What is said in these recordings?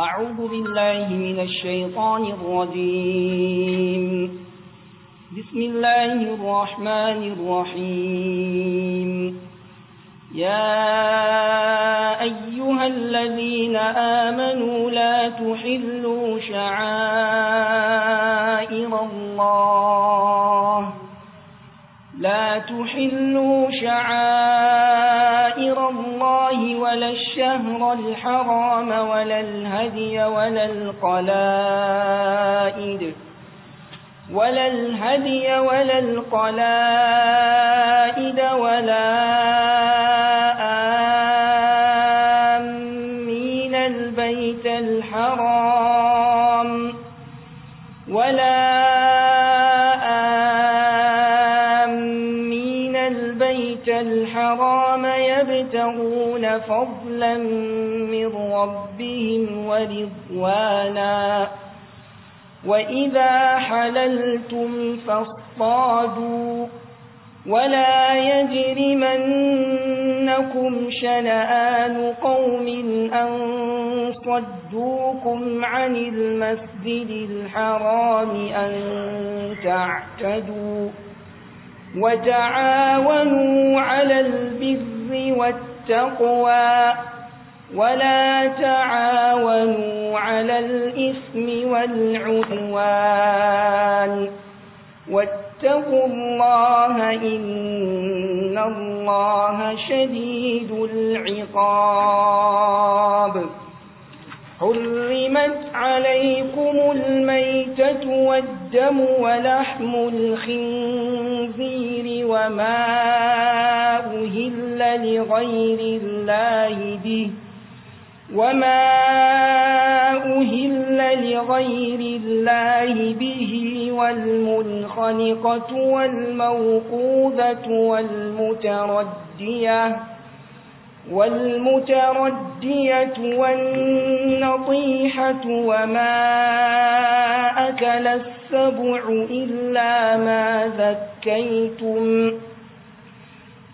أعوذ بالله من الشيطان الرجيم بسم الله الرحمن الرحيم يا أيها الذين آمنوا لا تحلوا شعائر الله لا تحلوا شعائر الشهر الحرام ولا الهدي ولا القلائد ولا الهدي ولا القلائد ولا آمين البيت الحرام ولا آمين البيت الحرام يبتغون فضلا من ربهم ورضوانا وإذا حللتم فاصطادوا ولا يجرمنكم شنآن قوم أن صدوكم عن المسجد الحرام أن تعتدوا وتعاونوا على البر والتقوى ولا تعاونوا على الإثم والعدوان واتقوا الله إن الله شديد العقاب حرمت عليكم الميتة والدم ولحم الخنزير وما أهل لغير الله به وما أهل لغير الله به والمنخنقة والموقوذة والمتردية والمتردية والنطيحة وما أكل السبع إلا ما ذكيتم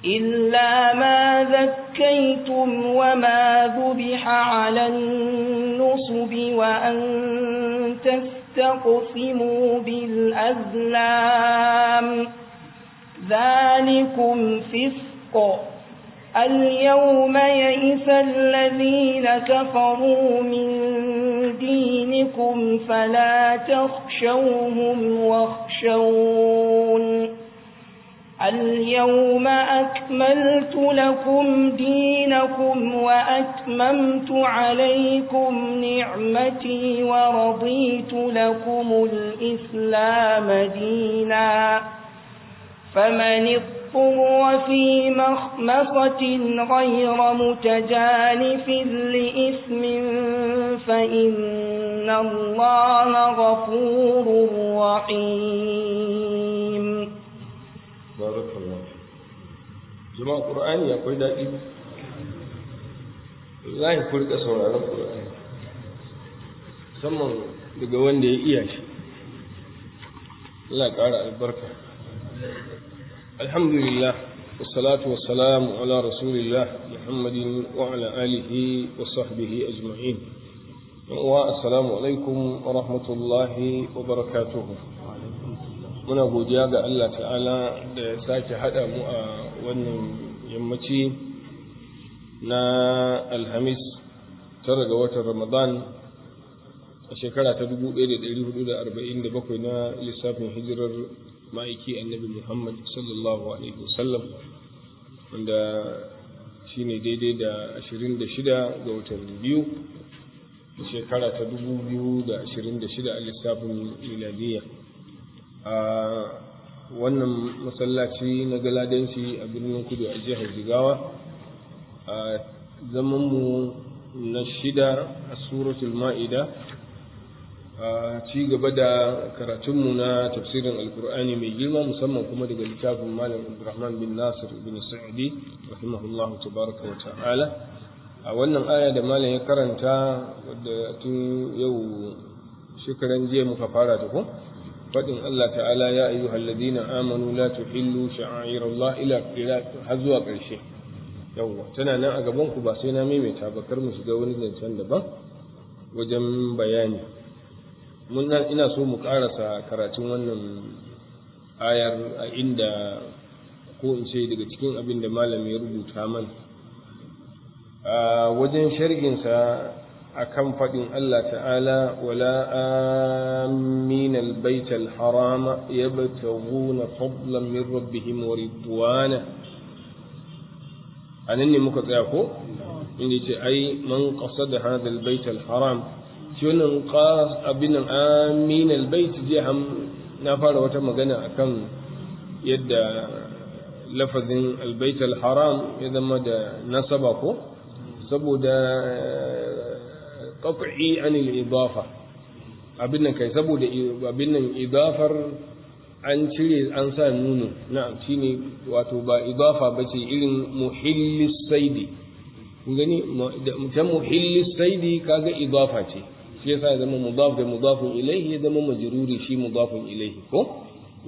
إلا ما ذكيتم زكيتم وَمَا ذُبِحَ عَلَى النُّصُبِ وَأَن تَسْتَقْسِمُوا بِالْأَزْلَامِ ذَلِكُمْ فِسْقٌ الْيَوْمَ يَئِسَ الَّذِينَ كَفَرُوا مِنْ دِينِكُمْ فَلَا تَخْشَوْهُمْ وَاخْشَوْنِ اليوم أكملت لكم دينكم وأتممت عليكم نعمتي ورضيت لكم الإسلام دينا فمن اضطر في مخمصة غير متجانف لإثم فإن الله غفور رحيم barakallahu jama'a qur'ani akwai daɗi wallahi ku rika sauraron qur'ani musamman daga wanda ya iya shi Allah ƙara albarka alhamdulillah والصلاة والسلام على رسول الله محمد وعلى آله وصحبه أجمعين السلام عليكم ورحمة الله وبركاته muna godiya ga Allah ta'ala da ya sake haɗa mu a wannan yammaci na alhamis tara ga watan ramadan a shekara ta 1447 na lissafin hijirar ma'aiki annabi muhammad sallallahu alaihi wasallam wanda shine daidai da 26 ga watan biyu a shekara ta 2026 a lissafin miladiyya a wannan masallaci na galadanci a birnin kudu a jihar jigawa a zamanmu na shida a suratul ma'ida a ci gaba da karatunmu na tafsirin alkur'ani mai girma musamman kuma daga littafin malam abdurrahman bin nasir bin sa'adi rahimahullahu tabaraka wa ta'ala a wannan aya da malam ya karanta wadda tun yau shekaran jiya muka fara ta faɗin Allah ta'ala ya ayyu haladina amanu la tuhillu har zuwa ƙarshe yawwa tana nan a gaban ku ba sai na maimaita ba kar mu shiga wani zancen daban wajen bayani mun ina so mu karasa karatun wannan ayar a inda ko in ce daga cikin abin da malam ya rubuta man wajen sharhinsa akan faɗin Allah ta'ala wala amina albayt alharama yabtaghuna fadlan min rabbihim wa ridwana anan ne muka tsaya ko inda ce ai man qasada hadha albayt alharam shi wannan qas abin amin albayt je ham na fara wata magana akan yadda lafazin albayt haram ya zama da nasaba ko saboda qat'i an al-idafa abin nan kai saboda abin nan idafar an cire an sa nunu na'am shine wato ba idafa bace irin muhillis saidi kun gani ta muhillis saidi kaga idafa ce shi yasa ya zama mudaf da mudafun ilayhi ya zama majruri shi mudafun ilayhi ko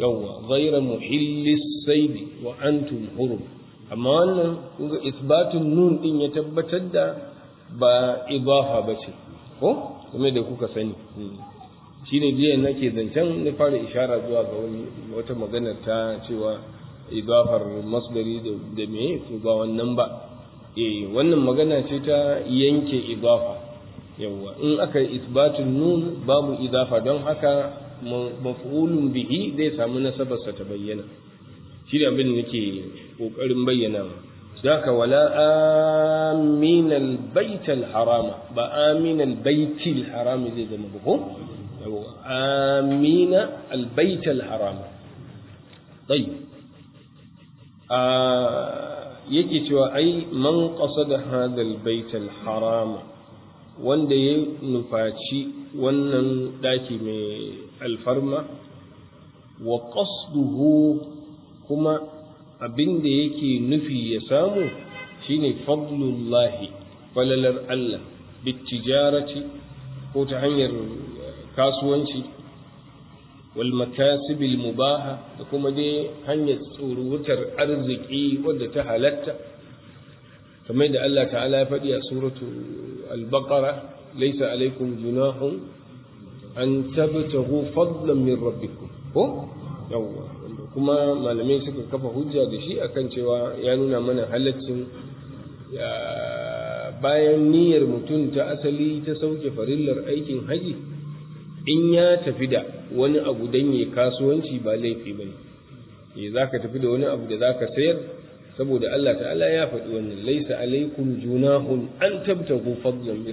yawwa ghayra muhillis saidi wa antum hurum amma wannan kun ga isbatun nun din ya tabbatar da ba idafa bace ko kuma da kuka sani shi ne biyan nake zancen na fara ishara zuwa ga wata magana ta cewa idafar eh, masdari da me su ga wannan ba eh wannan magana ce ta yanke idafa yawwa in aka yi isbatun nun babu idafa don haka maf'ulun bihi zai samu nasabarsa ta bayyana shi da abin da nake kokarin bayyana ذاك ولا آمين البيت الحرام بآمين البيت الحرام إذا نبغون آمين البيت الحرام طيب آه، يجي توا أي من قصد هذا البيت الحرام وندي نفاتشي ونن داتي من الفرمة وقصده هما abinda yake nufi ya samu shine fadlullahi falalar Allah bitijarati ko ta hanyar kasuwanci wal makasib al mubaha da kuma dai hanyar tsurutar arziki wadda ta halatta kamar da Allah ta'ala ya faɗi a suratu al-baqara laysa alaykum junahun an tabtahu fadlan min rabbikum ko yawwa kuma malamai suka kafa hujja da shi akan cewa ya nuna mana halaccin bayan niyyar mutum ta asali ta sauke farillar aikin haji in ya tafi da wani abu don ya kasuwanci ba laifi ba ne eh, za ka tafi da wani abu da za ka sayar saboda Allah ta'ala ya faɗi wannan laisa alaikum junahun an tabtagu fadlan min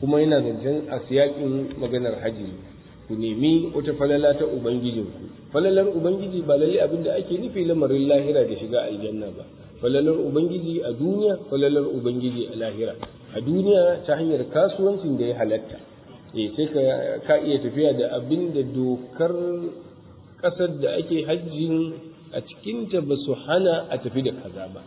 kuma yana zancen a siyaƙin maganar haji ku nemi wata falala ta ubangijinku falalar ubangiji ba lalle abin da ake nufi lamarin lahira da shiga aljanna ba falalar ubangiji a duniya falalar ubangiji a lahira a duniya ta hanyar kasuwancin da ya halatta eh sai ka iya tafiya da abin da dokar ƙasar da ake hajjin a cikinta ba su hana a tafi da kaza ba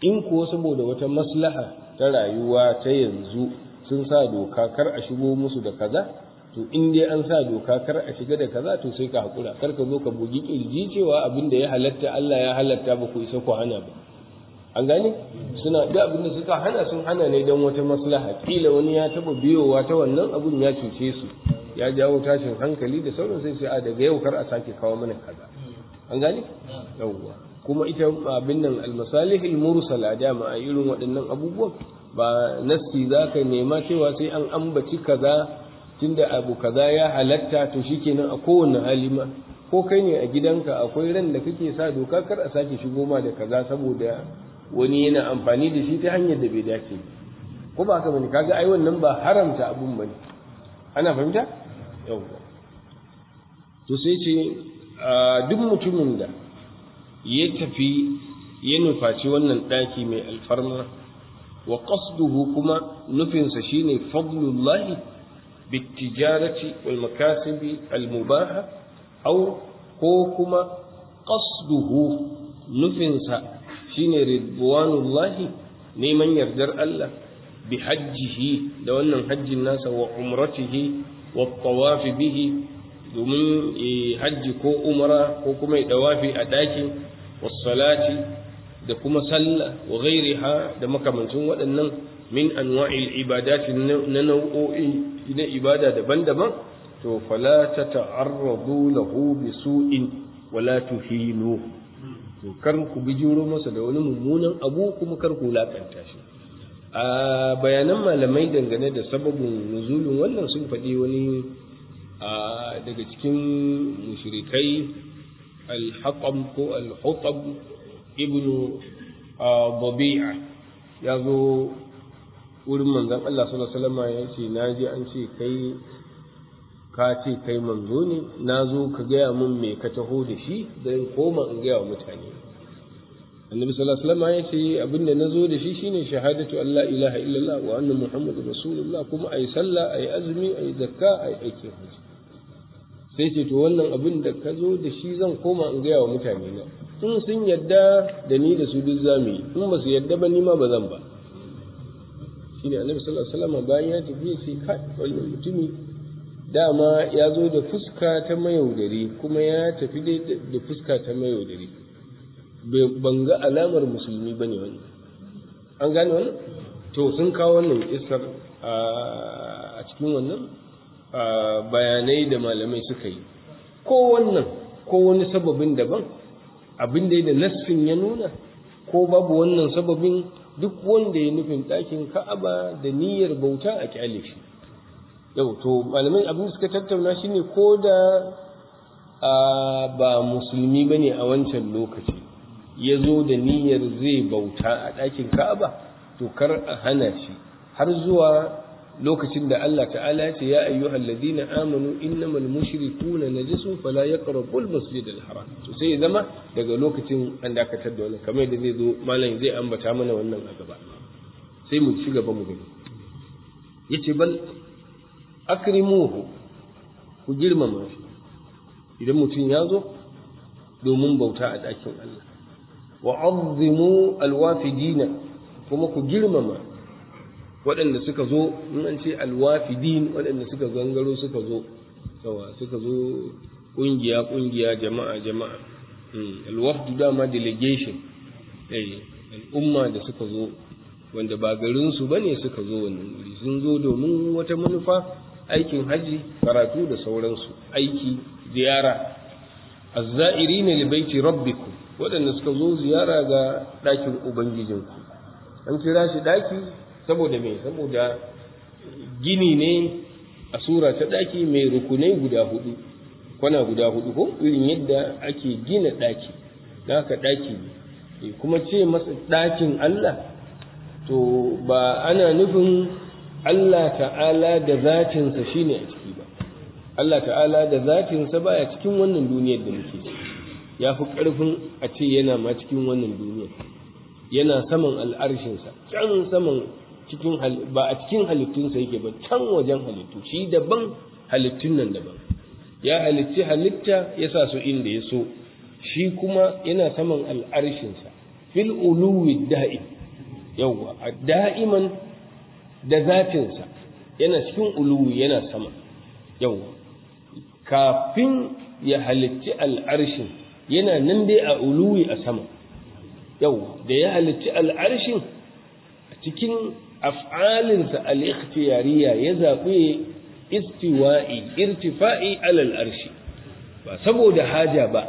in kuwa saboda wata maslaha ta rayuwa ta yanzu sun sa doka kar a shigo musu da kaza to in dai an sa doka kar a shiga da kaza to sai ka hakura kar ka zo ka bugi kirji cewa abin da ya halatta Allah ya halatta ba ku isa ku hana ba an gane suna da abin da suka hana sun hana ne don wata maslaha kila wani ya taba biyowa ta wannan abun ya cuce su ya jawo tashin hankali da sauran sai sai a daga yau kar a sake kawo mana kaza an gane yawwa kuma ita abin nan almasalihil mursala dama a irin waɗannan abubuwan ba nasti zaka nema cewa sai an ambaci kaza tunda abu kaza ya halatta to shikenan a kowane hali ma ko kai ne a gidanka akwai ran da kake sa doka kar a sake shigo ma da kaza saboda wani yana amfani da shi ta hanyar da bai dace ko ba haka bane kaga ai wannan ba haramta abun bane ana fahimta yawwa to sai ce duk mutumin da ya tafi ya nufaci wannan ɗaki mai alfarma wa qasduhu kuma nufinsa shine fadlullahi بالتجارة والمكاسب المباحة أو كوكما قصده نفنسا شين رضوان الله نيمن يردر الله بحجه لو أن حج الناس وعمرته والطواف به دومن حج كو أمرا كوكما كما أداك والصلاة da kuma sallah wa ghairiha da makamancin waɗannan min anwa'il na na ibada daban-daban to fala ta ta'arradu lahu bi su'in wala tuhinu to kar ku bi juro masa da wani mummunan abu kuma kar ku lakanta shi a bayanan malamai dangane da sababin nuzulin wannan sun faɗi wani daga cikin mushrikai al-haqam ko al-hutab ibnu babi'a ya zo wurin manzan Allah sallallahu alaihi wasallam ya ce na ji an ce kai ka ce kai manzo ne na zo ka gaya min me ka taho da shi don koma in gaya wa mutane annabi sallallahu alaihi wasallam ya ce abinda na zo da shi shine shahadatu Allah ilaha illallah wa anna Muhammadu rasulullah kuma ai sallah ai azumi ai zakka ai aiki hajji sai ce to wannan abin da ka zo da shi zan koma in gaya wa mutane na in sun yadda da ni da su duk zamu yi in ba su yadda ba ni ma ba zan ba ne annabi sallallahu alaihi wasallam bayan ya tafi sai ka wannan mutumi dama ya zo da fuska ta mayaudari kuma ya tafi da fuska ta mayaudari ban ga alamar musulmi bane wani an gane wannan to sun kawo wannan isar a cikin wannan bayanai da malamai suka yi ko wannan ko wani sababin daban abin da da nassin ya nuna ko babu wannan sababin duk wanda ya nufin ɗakin ka'aba da niyyar bauta a ƙyale shi yau to malamai abin da suka tattauna shi ne ko da ba musulmi ba ne a wancan lokaci ya zo da niyyar zai bauta a ɗakin ka'aba to kar a hana shi har zuwa lokacin da Allah ta'ala ya ce ya ayyuhal ladina amanu innamal mushrikuna najisun fala yaqrabul masjidal haram to sai ya zama daga lokacin an dakatar da wannan kamar da zai zo malam zai ambata mana wannan a gaba sai mu ci gaba mu gani yace bal akrimuhu ku girmama shi idan mutum ya zo domin bauta a ɗakin Allah wa azzimu alwafidina kuma ku girmama waɗanda suka zo in an ce alwafidin waɗanda suka gangaro suka zo sawa suka zo ƙungiya ƙungiya jama'a jama'a hmm, alwafdu dama delegation eh, al'umma da suka zo wanda ba garinsu ba ne suka zo wannan wuri sun zo domin wata manufa aikin haji karatu da sauransu aiki ziyara azza'iri ne libaiti rabbiku waɗanda suka zo ziyara ga ɗakin ubangijinku an kira shi ɗaki saboda me saboda gini ne a sura ta daki mai rukunai guda hudu kwana guda hudu ko irin yadda ake gina ɗaki da haka ne eh, kuma ce masa dakin Allah to ba ana nufin Allah ta'ala da zatinsa shine a ciki ba Allah ta'ala da zatinsa baya cikin wannan duniyar da muke ya fi ƙarfin a ce yana ma cikin wannan duniyar yana saman al'arshinsa can saman cikin ba a cikin halittun sa yake ba can wajen halittu shi daban halittun nan daban ya halitti halitta ya sa su inda ya so shi kuma yana saman al'arshinsa fil uluwi da'i a da'iman da sa yana cikin uluwi yana sama yawa kafin ya halitti al'arshin yana nan dai a uluwi a sama yawa da ya halitti al'arshin cikin af'alinsa al-ikhtiyariya ya zaɓi istiwa'i irtifa'i alal arshi ba saboda haja ba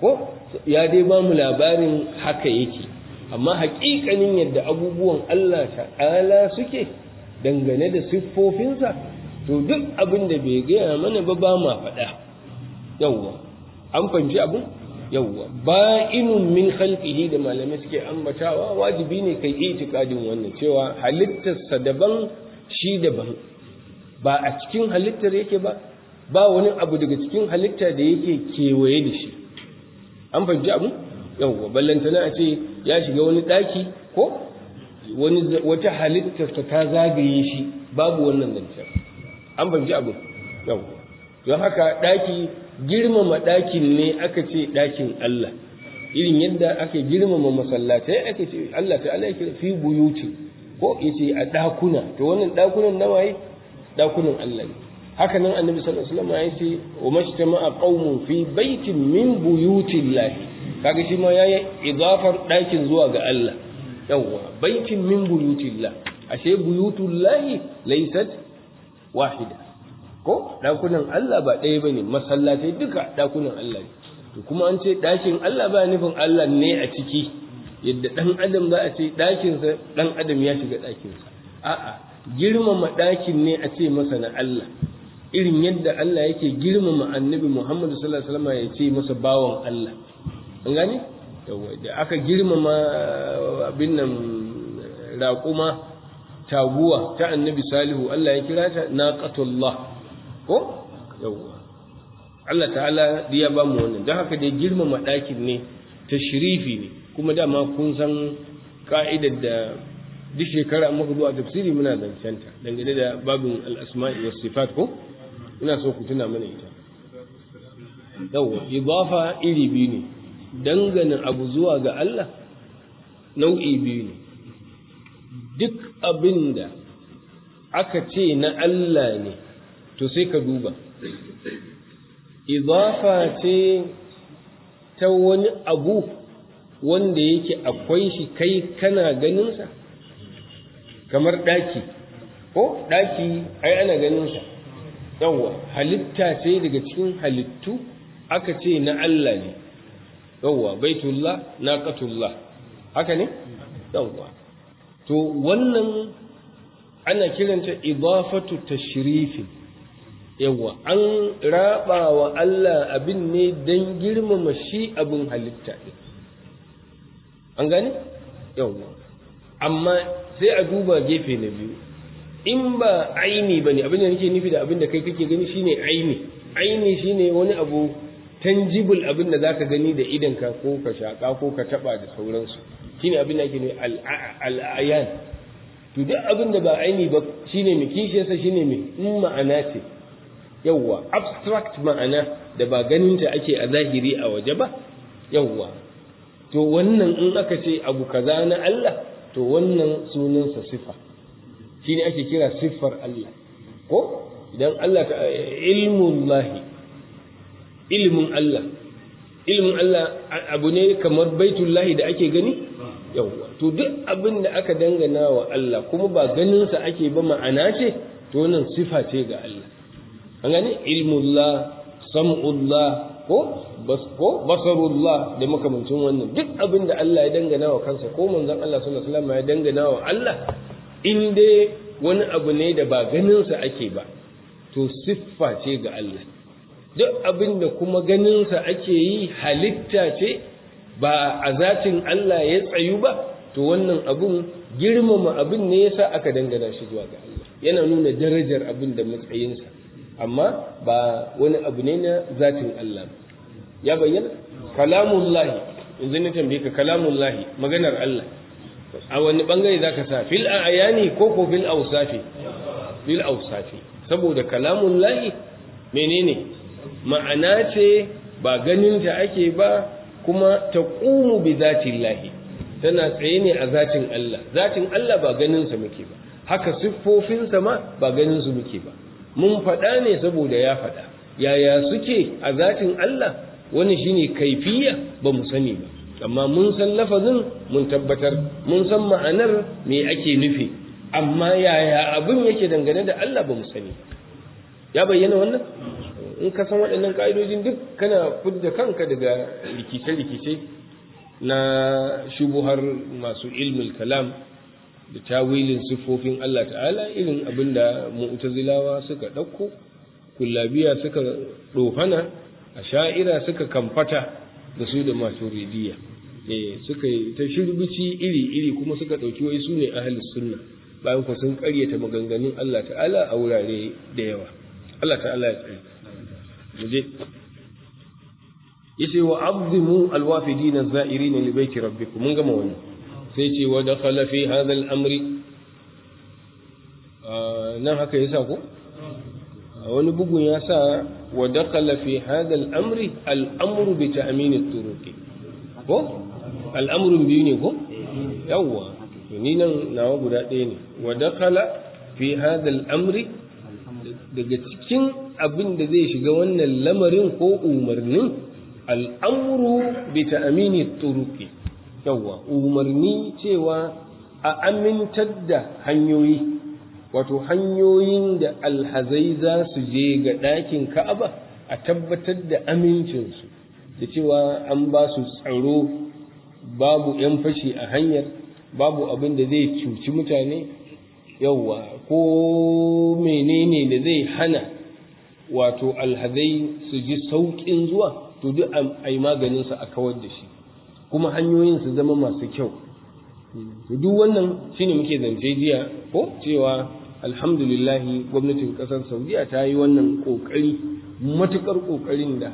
ko ya dai ba mu labarin haka yake amma haƙiƙanin yadda abubuwan Allah ta'ala suke dangane da siffofinsa to duk abin da bai gaya mana ba ba ma faɗa yawwa an fahimci abin yawwa inun min khalqihi da malamai suke ambatawa wajibi ne kai itikadin wannan cewa halittarsa daban shi daban ba a cikin halittar yake ba ba wani abu daga cikin halitta da yake kewaye da shi an fahimci abu yawwa ballantana a ce ya shiga wani daki ko wani wata halittar ta zagaye shi babu wannan zancen an fahimci abu yawwa don haka daki girmama ɗakin ne aka ce ɗakin Allah irin yadda aka girmama masallatai aka ce Allah ta Allah ya fi buyuti ko yace a ɗakuna to wannan ɗakunan na waye ɗakunan Allah ne haka nan annabi sallallahu alaihi wasallam ya ce wa mashtama'a qaumun fi baitin min buyutillahi kaga shi ma yayi idafar ɗakin zuwa ga Allah yawwa baitin min buyutillah ashe buyutullahi laysat wahida ko dakunan Allah ba ɗaya ba ne, masallatai duka dakunan Allah ne to kuma an ce dakin Allah ba nufin Allah ne a ciki yadda ɗan adam za a ce dakin sa adam ya shiga dakin a'a girmama ɗakin ne a ce masa na Allah irin yadda Allah yake girmama annabi Muhammad sallallahu alaihi wasallam ya ce masa bawan Allah an gane da aka girmama eh, abin nan raƙuma taguwa ta annabi salihu Allah ya kira ta naqatullah ko yawwa Allah ta'ala ya ba mu wannan don haka dai girmama ɗakin ne tashrifi ne kuma dama kun san ka'idar da duk shekara an muka zuwa tafsiri muna zancenta dangane da babin asmai was sifat ko ina so ku tuna mana ita yawwa idafa iri biyu ne dangane abu zuwa ga Allah nau'i biyu ne duk abinda aka ce na Allah ne to sai ka duba idafa ce ta wani abu wanda yake akwai shi kai kana ganinsa kamar ɗaki ko ɗaki ai ana ganinsa yawwa halitta ce daga cikin halittu aka ce na Allah ne yawwa baitullah naqatullah haka ne yawwa to wannan ana kiranta idafatu tashrifin yawwa an raba wa Allah abin ne don girmama shi abin halitta ɗin an gane yawwa amma sai a duba gefe na biyu in ba aini ba ne abin da nake nufi da abin da kai kake gani shine aini aini shine wani abu tangible abin da zaka gani da idanka ko ka shaƙa ko ka taɓa da sauransu shine abin da ake ne al'ayan to duk abin da ba aini ba shine mai kishiyarsa shine mai in ma'ana ce yawwa abstract ma'ana da ba ganinta ake a zahiri a waje ba yawwa to wannan in aka ce abu kaza na Allah to wannan sunansa sifa shi ne ake kira siffar Allah ko idan Allah ta ilmun lahi ilmun Allah ilmun Allah abu ne kamar baitullahi da ake gani yawwa to duk abin da aka dangana wa Allah kuma ba ganinsa ake ba ma'ana ce to wannan sifa ce ga Allah an gani ilmullah sam'ullah ko ko basarullah da makamancin wannan duk abin da Allah ya dangana wa kansa ko manzon Allah sallallahu alaihi wasallam ya dangana wa Allah in dai wani abu ne da ba ganinsa ake ba to siffa ce ga Allah duk abin da kuma ganinsa ake yi halitta ce ba a zatin Allah ya tsayu ba to wannan abun girmama abin ne yasa aka dangana shi zuwa ga Allah yana nuna darajar abin da matsayinsa amma ba wani abu ne na zatin Allah ya bayyana kalamullahi yanzu na tambaye ka kalamullahi maganar Allah a wani bangare zaka sa fil ayani ko ko fil awsafi fil awsafi saboda kalamullahi menene ma'ana ce ba ganin ta ake ba kuma taqumu bi lahi? tana tsaye ne a zatin Allah zatin Allah ba ganin sa muke ba haka siffofinsa ma ba ganin su muke ba mun faɗa ne saboda ya faɗa yaya suke a zatin Allah wani shine kaifiya ba mu sani ba amma mun san lafazin mun tabbatar mun san ma'anar me ake nufi amma yaya abin yake dangane da Allah ba mu sani ya bayyana wannan in ka san waɗannan ƙa'idojin duk kana fidda kanka daga rikice-rikice na shubuhar masu ilmul kalam da tawilin sifofin Allah ta'ala irin abin da mu'tazilawa suka ɗauko kullabiya suka ɗofana a sha'ira suka kamfata da su da masu ridiya eh, suka yi ta shirbici iri-iri kuma suka ɗauki wai su ne ahalus sunna bayan ku sun ƙaryata maganganun Allah ta'ala a wurare da yawa Allah ta'ala ya tsare mu je yace wa azzimu alwafidina zairina li baiti rabbikum mun gama wannan sai ce wa dakhala fi hadha al-amri nan haka yasa ko wani bugun ya sa wa dakhala fi hadha al-amri al-amru bi ta'min at-turuq ko al-amru biyu ne ko yawa? ni nan nawa guda ɗaya ne wa dakhala fi hadha al-amri daga cikin abin da zai shiga wannan lamarin ko umarnin al'amuru bi ta'amini turuki yawwa umarni cewa a amintar da hanyoyi wato hanyoyin da alhazai za su je ga ɗakin ka'aba a tabbatar da amincinsu da cewa an ba su tsaro babu 'yan fashi a hanyar babu abin da zai cuci mutane yawwa ko menene da zai hana wato alhazai su ji sauƙin zuwa to duk a yi maganinsa a kawar da shi kuma hanyoyin su zama masu kyau duk wannan shine muke zance jiya ko cewa alhamdulillah gwamnatin kasar saudiya ta yi wannan kokari matukar kokarin da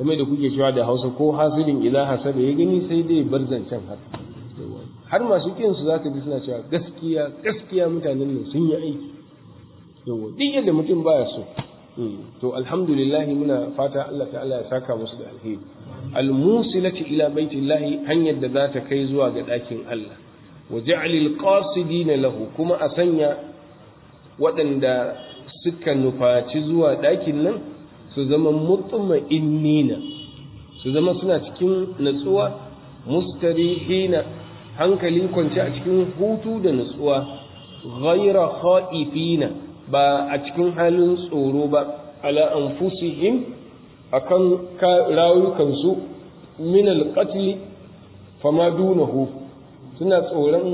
kamar da kuke cewa da hausa ko hasidin ila hasada ya gani sai dai bar zancen haka har masu kin su za ka ji suna cewa gaskiya gaskiya mutanen nan sun yi aiki yawa duk yadda mutum baya so hmm, to alhamdulillah muna fata Allah ta'ala ya saka musu da alheri almusilati ila baitillahi hanyar da za ta kai zuwa ga ɗakin Allah wa ja'alil qasidin lahu kuma a sanya waɗanda suka nufaci zuwa ɗakin nan su zama mutma'innina su zama suna cikin natsuwa mustarihina hankali kwanci a cikin hutu da natsuwa ghayra khaifina ba a cikin halin tsoro ba ala anfusihim akan rayukansu min alqatl fama dunahu suna tsoron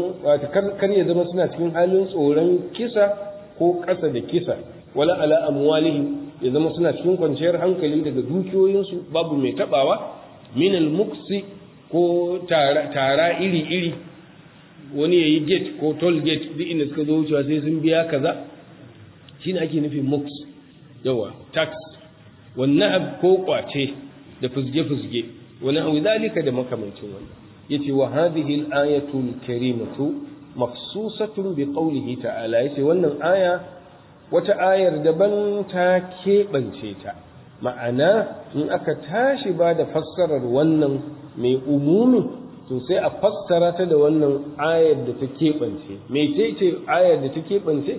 kar ya zama suna cikin halin tsoron kisa ko ƙasa da kisa wala ala amwalihim ya zama suna cikin kwanciyar hankali daga dukiyoyinsu babu mai taɓawa min almuksi ko tara iri iri wani yayi gate ko toll gate duk inda suka zo wucewa sai sun biya kaza shine ake nufin muks yawa tax wannan ko kwace da fuzge-fuzge wani abu zalika da makamancin wannan yace wa hadhihi al karimatu mafsusatun bi qawlihi ta'ala ce wannan aya wata ayar daban ta keɓance ta ma'ana in aka tashi ba da fassarar wannan mai umumi to sai a fassara ta da wannan ayar da ta keɓance mai ce ayar da ta keɓance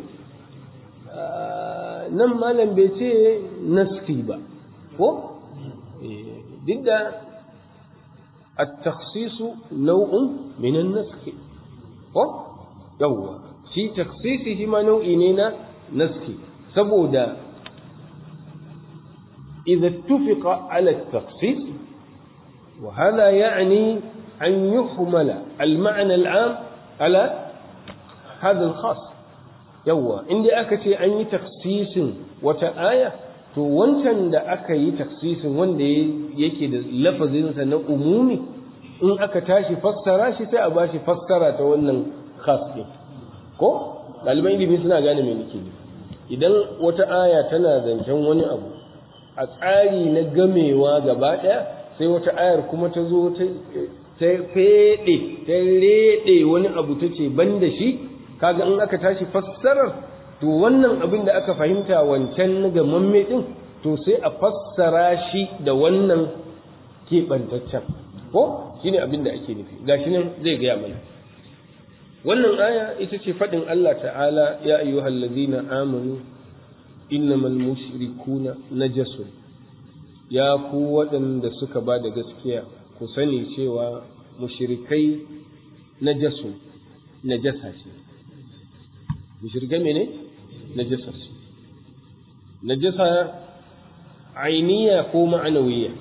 ah, nan malam bai ce nassi ba ko duk da التخصيص نوع من النسخ ko yawwa shi taksisi shi ma nau'i ne na naski saboda idza tufiqa ala taksis wa hada ya'ni an yuhmala al ma'na al am ala hada al khas yawwa inda aka ce an yi taksisin wata aya to wancan da aka yi taksisin wanda yake da lafazinsa na umumi in aka tashi fassara shi sai a ba shi fassara ta wannan khas ɗin ko ɗaliban ilimi suna gane me nake idan wata aya tana zancen wani abu a tsari na gamewa gaba ɗaya sai wata ayar kuma ta zo ta feɗe ta rede wani abu ta ce ban da shi kaga in aka tashi fassarar to wannan abin da aka fahimta wancan ga mamme din to sai a fassara shi da wannan keɓantaccen ko shine abin da ake nufi gashi nan zai gaya mana wannan aya ita ce faɗin Allah ta'ala ya ayyuhal ladina amanu innamal mushrikuna najasun ya ku waɗanda suka ba da gaskiya ku sani cewa mushrikai najasun najasa ce Bishirga mene? Najasa ce. Najasa ainiya ko ma'anawiya?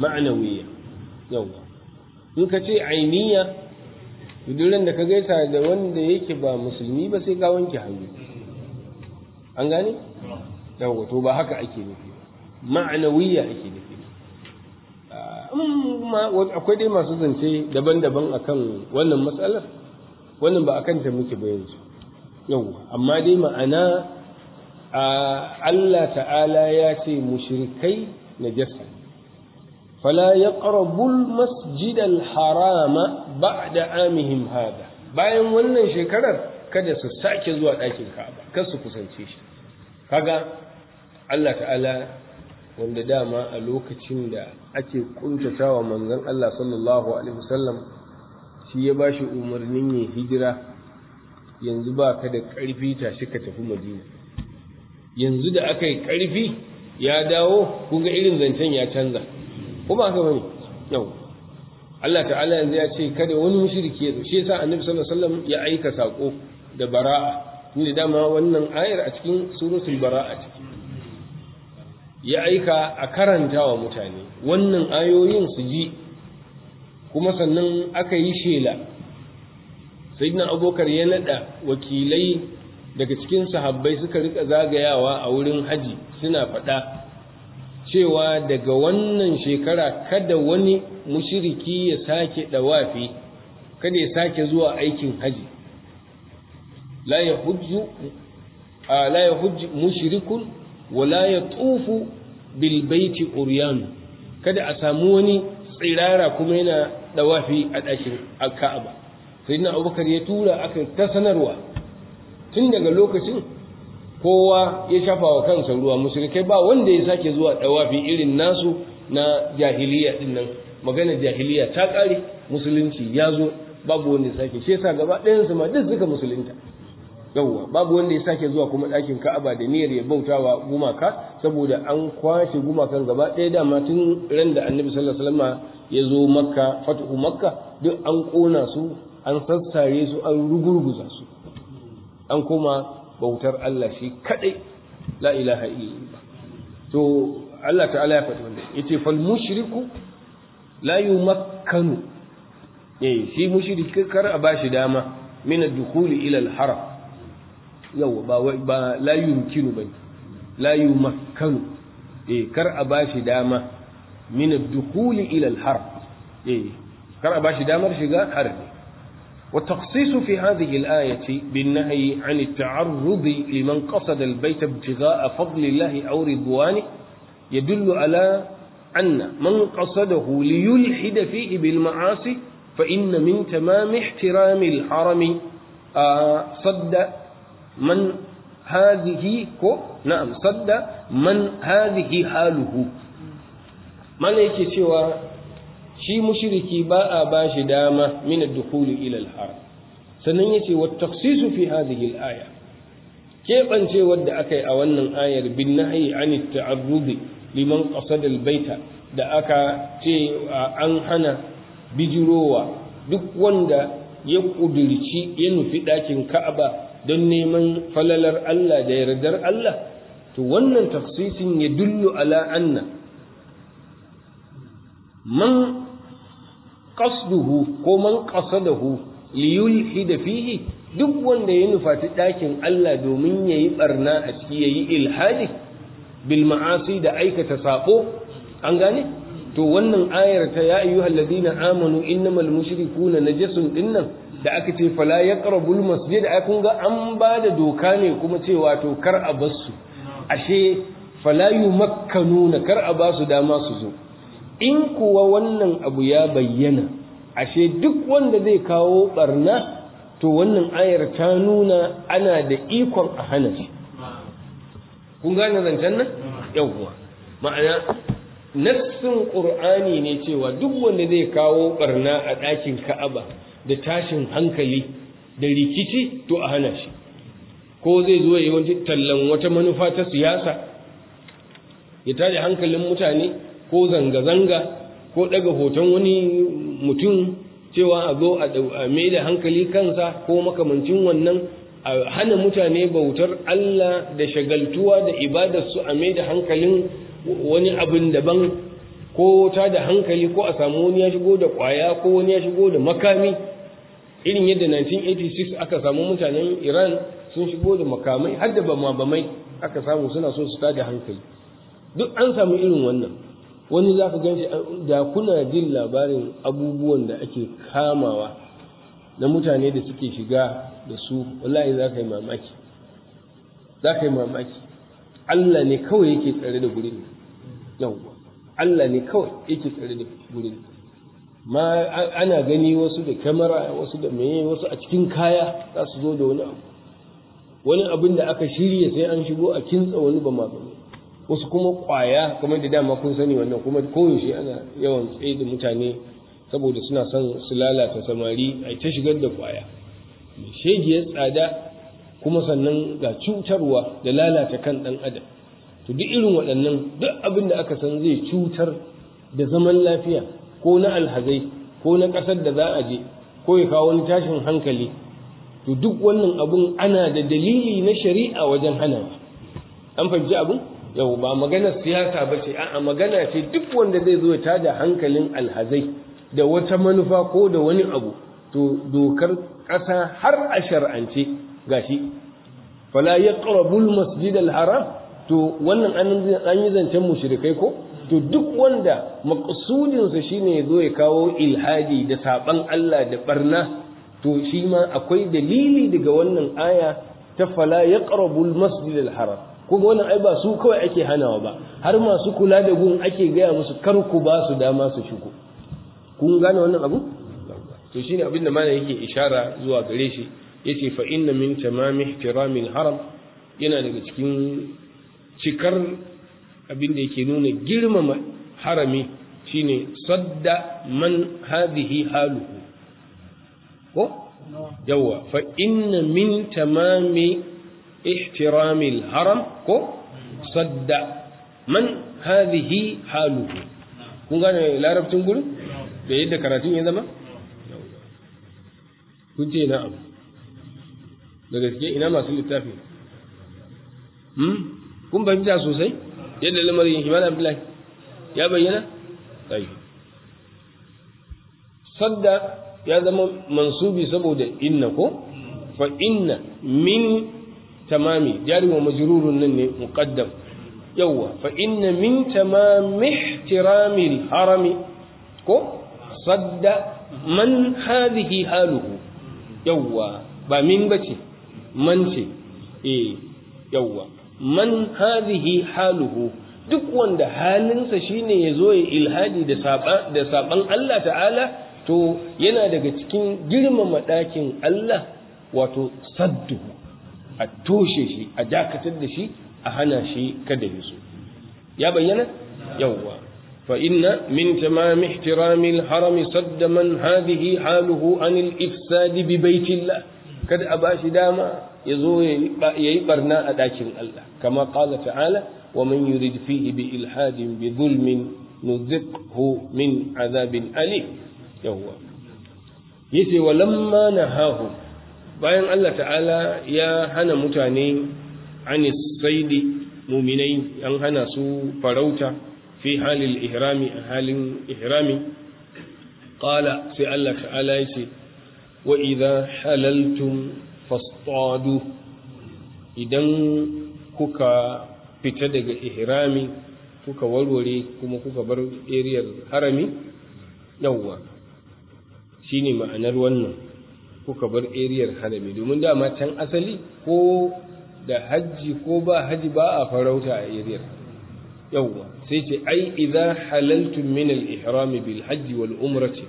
Ma'anawiya. yawa In ka ce ainiya, duduran da ka gaisa da wanda yake ba musulmi ba sai ka wanke hannu. An gane? yawa to ba haka ake nufi. Ma'anawiya ake nufi. Ah, akwai dai masu zance daban-daban akan wannan matsalar wannan ba akan ta muke ba yanzu yau amma dai ma'ana Allah ta'ala ya ce mushrikai jasa. fala ya yaqrabul masjidal harama ba'da amihim hada bayan wannan shekarar kada su sake zuwa ɗakin Ka'aba kar su kusance shi kaga Allah ta'ala wanda dama a lokacin da ake kuntatawa manzon Allah sallallahu alaihi wasallam shi ya bashi umarnin ya hijira yanzu ba ka da ƙarfi tashi ka tafi madina yanzu da aka yi ƙarfi ya dawo kunga irin zancen ya canza kuma aka bane yau Allah ta'ala yanzu ya ce kada wani mushriki ya shi yasa annabi sallallahu alaihi wasallam ya aika sako da bara'a ni dama wannan ayar a cikin suratul bara'a ciki ya aika a karanta wa mutane wannan ayoyin su ji kuma sannan aka yi shela sayyidina abubakar ya nada wakilai daga cikin sahabbai suka rika zagayawa a wurin haji suna faɗa cewa daga wannan shekara kada wani mushiriki ya sake dawafi kada ya sake zuwa aikin haji la yahujju la yahujju mushrikun wa la yatufu bil baiti uryan kada a samu wani tsirara kuma yana dawafi a ɗakin alka'aba sayyidina abubakar ya tura aka ta sanarwa tun daga lokacin kowa ya shafa wa kansa ruwa musulkai ba wanda ya sake zuwa dawafi irin nasu na jahiliya din nan maganar jahiliya ta kare musulunci ya zo babu wanda ya sake shi gaba ɗayan su ma duk suka musulunta yawwa babu wanda ya sake zuwa kuma ɗakin ka'aba da niyyar ya bautawa gumaka saboda an kwashe gumakan gaba ɗaya dama tun ran da annabi sallallahu alaihi wasallam ya zo makka fatu makka duk an kona su an sassare su an rugurguza su an koma bautar Allah shi kadai la ilaha illallah to Allah ta'ala ya faɗi wanda yace fal mushriku la yumakkanu eh shi mushriki kar a bashi dama min ad-dukhul ila al-haram yawa ba ba la yumkinu bai la yumakkanu eh kar a bashi dama min ad-dukhul ila al-haram eh kar a bashi damar shiga harbi والتخصيص في هذه الآية بالنهي عن التعرض لمن قصد البيت ابتغاء فضل الله أو رضوانه يدل على أن من قصده ليلحد فيه بالمعاصي فإن من تمام احترام الحرم آه، صد من هذه كو نعم صد من هذه حاله ما يكي سوى shi mushriki ba a ba shi dama min ad-dukhul ila al-haram sannan yace wa takhsisu fi hadhihi al-aya keɓancewar da aka yi a wannan ayar bin nahyi an at liman qasada al-baita da aka ce an hana bijirowa duk wanda ya kudirci ya nufi ɗakin ka'aba don neman falalar Allah da yardar Allah to wannan tafsisin ya dullu ala anna man qasduhu ko man qasadahu liyulhida fihi duk wanda ya nufaci ɗakin Allah domin yayi barna a ciki yayi ilhadi bil ma'asi da aikata sabo an gane to wannan ayar ta ya ayyuhal ladina amanu innamal mushrikuna najasun dinnan da aka ce fala yaqrabul masjid ai kun ga an ba da doka ne kuma cewa to kar a bar su ashe fala yumakkanuna kar a ba su dama su zo in kuwa wannan abu ya bayyana ashe duk wanda zai kawo barna to wannan ayar ta nuna ana da ikon a hana shi kun gane zancen nan yawwa ma'ana nassin qur'ani ne cewa duk wanda zai kawo barna a ɗakin ka'aba da tashin hankali da rikici to a hana shi ko zai zo yi tallan wata manufa ta siyasa ya tare hankalin mutane ko zanga-zanga ko daga hoton wani mutum cewa a zo a mai da hankali kansa ko makamancin wannan a hana mutane bautar Allah da shagaltuwa da ibadarsu a mai da hankalin wani abin daban ko ta da hankali ko a samu wani ya shigo da kwaya ko wani ya shigo da makami irin yadda 1986 aka samu mutanen Iran sun shigo da makamai har da bama bamai aka samu suna so su tada hankali duk an samu irin wannan wani za ka gan da kuna jin labarin abubuwan da ake kamawa na mutane da suke shiga da su wallahi za ka yi mamaki za ka yi mamaki Allah ne kawai yake tsare da gurin yauwa Allah ne kawai yake tsare da gurin ma ana gani wasu da kyamara wasu da meye wasu a cikin kaya za su zo da wani abu wani abin da aka shirya sai an shigo a kintsa wani ba ma ne wasu kuma kwaya kamar da dama kun sani wannan kuma koyaushe ana yawan tsaye da mutane saboda suna son su lalata samari a ta shigar da kwaya mai shegiyar tsada kuma sannan ga cutarwa da lalata kan ɗan adam to duk irin waɗannan duk abin da aka san zai cutar da zaman lafiya ko na alhazai ko na ƙasar da za a je ko ya kawo wani tashin hankali to duk wannan abun ana da dalili na shari'a wajen hana an fahimci abin yau ba maganar siyasa ba ce a'a magana ce duk wanda zai zo ta da hankalin alhazai da wata manufa ko da wani abu to dokar ƙasa har a shar'ance gashi fala ya yaqrabu almasjid haram, to wannan an yi zancen mushrikai ko to duk wanda maqsudinsa shine zo ya kawo ilhadi da saban Allah da ɓarna, to shi ma akwai dalili daga wannan aya ta fala ya yaqrabu almasjid haram. kuma wannan ai ba su kawai ake hanawa ba har masu kula da gun ake gaya musu kar ku ba su dama su shigo kun gane wannan abu to shine abin da mana yake ishara zuwa gare shi yace fa inna min tamami ihtiramil haram yana daga cikin cikar abin da yake nuna girmama harami shine sadda man hadhihi haluhu ko yawa fa inna min tamami ihtiramil haram ko sadda man hadhihi haluhu kun gane larabcin gurin yadda karatun ya zama kun ce na'am da gaske ina masu littafi hmm? kun fahimta sosai yadda lamarin yake malam Abdullahi ya bayyana sadda ya zama mansubi saboda inna ko min tamami jari wa majrurun nan ne muqaddam yawwa fa inna min tamami harami ko sadda man hadhihi haluhu yawwa ba min bace man ce eh yawwa man duk wanda halinsa shine ya zo ya ilhadi da da saban Allah ta'ala to yana daga cikin girmama ɗakin Allah wato sadduhu a toshe shi a dakatar da shi a hana shi kada ya so ya bayyana yawwa fa inna min tamam ihtiramil haram harami sadda man hadhihi haluhu an al-ifsad bi baitillah kada a bashi dama yazo yayi barna a dakin Allah kama qala ta'ala wa man yurid fihi bi ilhadin bi zulmin nuzqhu min azabin ali yawwa yace wa lamma nahahum bayan Allah ta'ala ya hana mutane anis saidi muminai an hana su farauta fi halil ihrami a halin ihrami qala sai Allah ta'ala ya ce wa idza halaltum fastadu idan kuka fita daga ihrami kuka warware kuma kuka bar eriyar harami yawwa shine ma'anar wannan kuka bar eriyar harami domin dama can asali ko da hajji ko ba hajji ba a farauta a ariyar yawwa sai ce ai idza halaltum min al ihram bil hajji wal umrati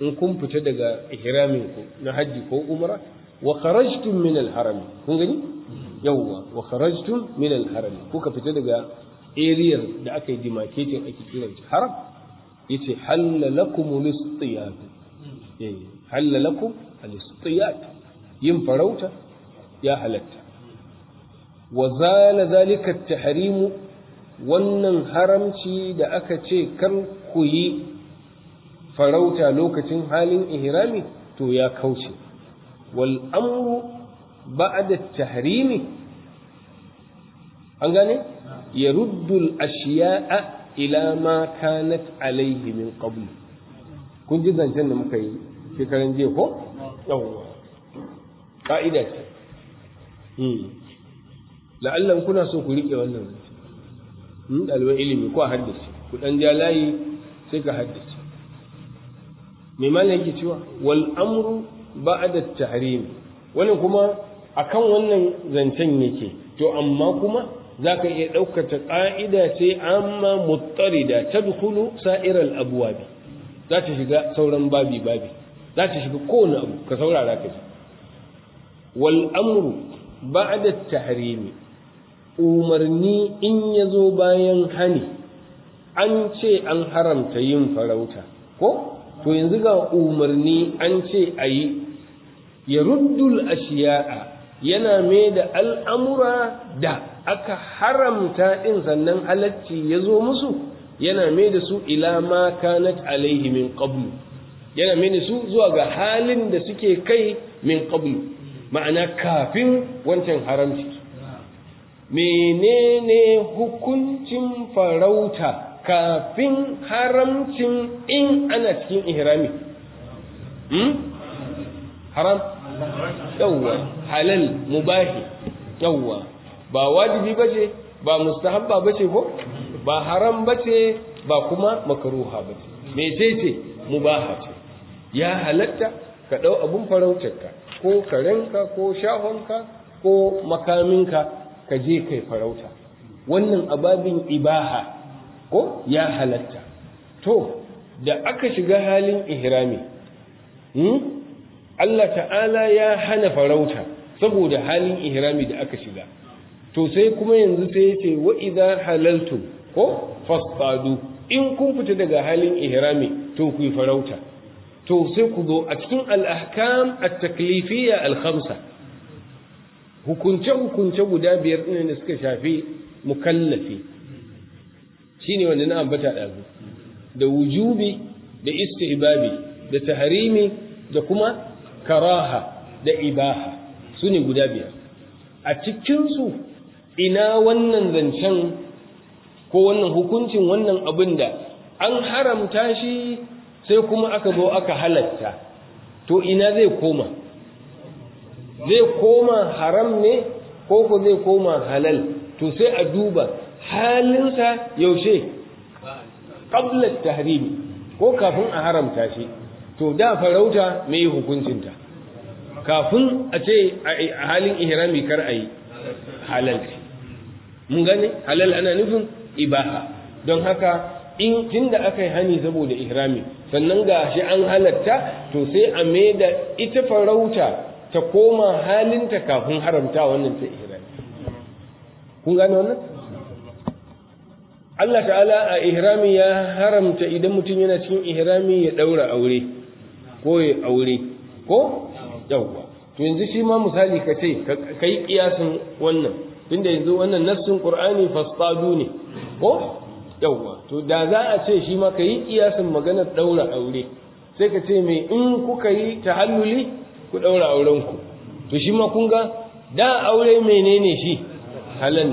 in kun fita daga ihramin ku na hajji ko umra wa kharajtum min al harami kun gani yawwa wa kharajtum min al harami kuka fita daga eriyar da aka yi demarcating ake kiranta haram yace halalakum lis-siyam eh, halalakum al-istiyat yin farauta ya halatta wa zala zalika tahrimu wannan haramci da aka ce kar ku yi farauta lokacin halin ihrami to ya kauce wal amru ba'da tahrimi an gane yaruddu al ashiya'a ila ma kanat alayhi min qabl kun ji zancen da muka yi shekaran jiya ko yawwa ka'ida ce hmm. la'allan kuna so ku riƙe wannan in hmm, ɗaliban ilimi ko a haddace ku ɗan ja layi sai ka haddace mai mana yake cewa wal amru ba'da ne. wani kuma a kan wannan zancen yake to amma kuma za ka iya ɗaukata ƙa'ida ce amma muttarida tadkhulu sa'iral abwabi za ta shiga sauran babi babi za ta shiga kowane abu ka saurara ka ji wal amru ba'da tahrimi umarni in ya zo bayan hani an ce an haramta yin farauta ko to yanzu ga umarni an ce a yi ya ruddul ashiya'a yana mai da al'amura da aka haramta ɗin sannan halacci ya zo musu yana mai da su ila ma kanat alaihimin min qablu yana mini su zuwa ga halin da suke kai min qabl ma'ana kafin wancan haramci menene hukuncin farauta kafin haramcin in ana cikin ihrami hmm? haram yawwa halal mubahi yawwa ba wajibi bace ba mustahabba bace ko ba haram bace ba kuma makruha bace ce mubaha ya halatta ka ɗau abin farautarka ko karenka ko shahonka ko makaminka ka je kai farauta wannan ababin ibaha ko ya halatta to da aka shiga halin ihrami hmm, Allah ta'ala ya hana farauta saboda halin ihrami da aka shiga to sai kuma yanzu sai ya ce wa idza halaltu ko fasadu in kun fita daga halin ihrami to ku yi farauta to sai ku zo a cikin al'ahkam at-taklifiyya al'amsa, hukunce hukunce guda biyar ɗin da suka shafi mukallafi shine wanda na ambata ɗazu da wujubi da istihbabi da taharimi da kuma karaha da ibaha su ne guda biyar a cikinsu ina wannan zancen ko wannan hukuncin wannan abin da an haramta shi sai kuma aka zo aka halatta to ina zai koma zai koma haram ne ko ko zai koma halal to sai a duba halinsa yaushe qabla tahrimi ko kafin a haramta shi to da farauta yi hukuncinta kafin a ce a halin ihrami kar a yi halal mun gane halal ana nufin ibaha don haka in tunda aka yi hani saboda ihrami sannan ga shi an halatta to sai a da ita farauta ta koma halinta kafin haramta wannan ta ihram kun gane wannan Allah ta'ala a ihrami ya haramta idan mutum yana cikin ihrami ya daura aure ko ya aure ko yawwa to yanzu shi ma misali ka ce kai kiyasin wannan tunda yanzu wannan nassin qur'ani fastaduni ne ko yawwa to da za a ce shi ma ka yi kiyasin maganar ɗaura aure sai ka ce me in kuka yi tahalluli ku ɗaura auren ku to shi ma kun ga da aure menene shi halal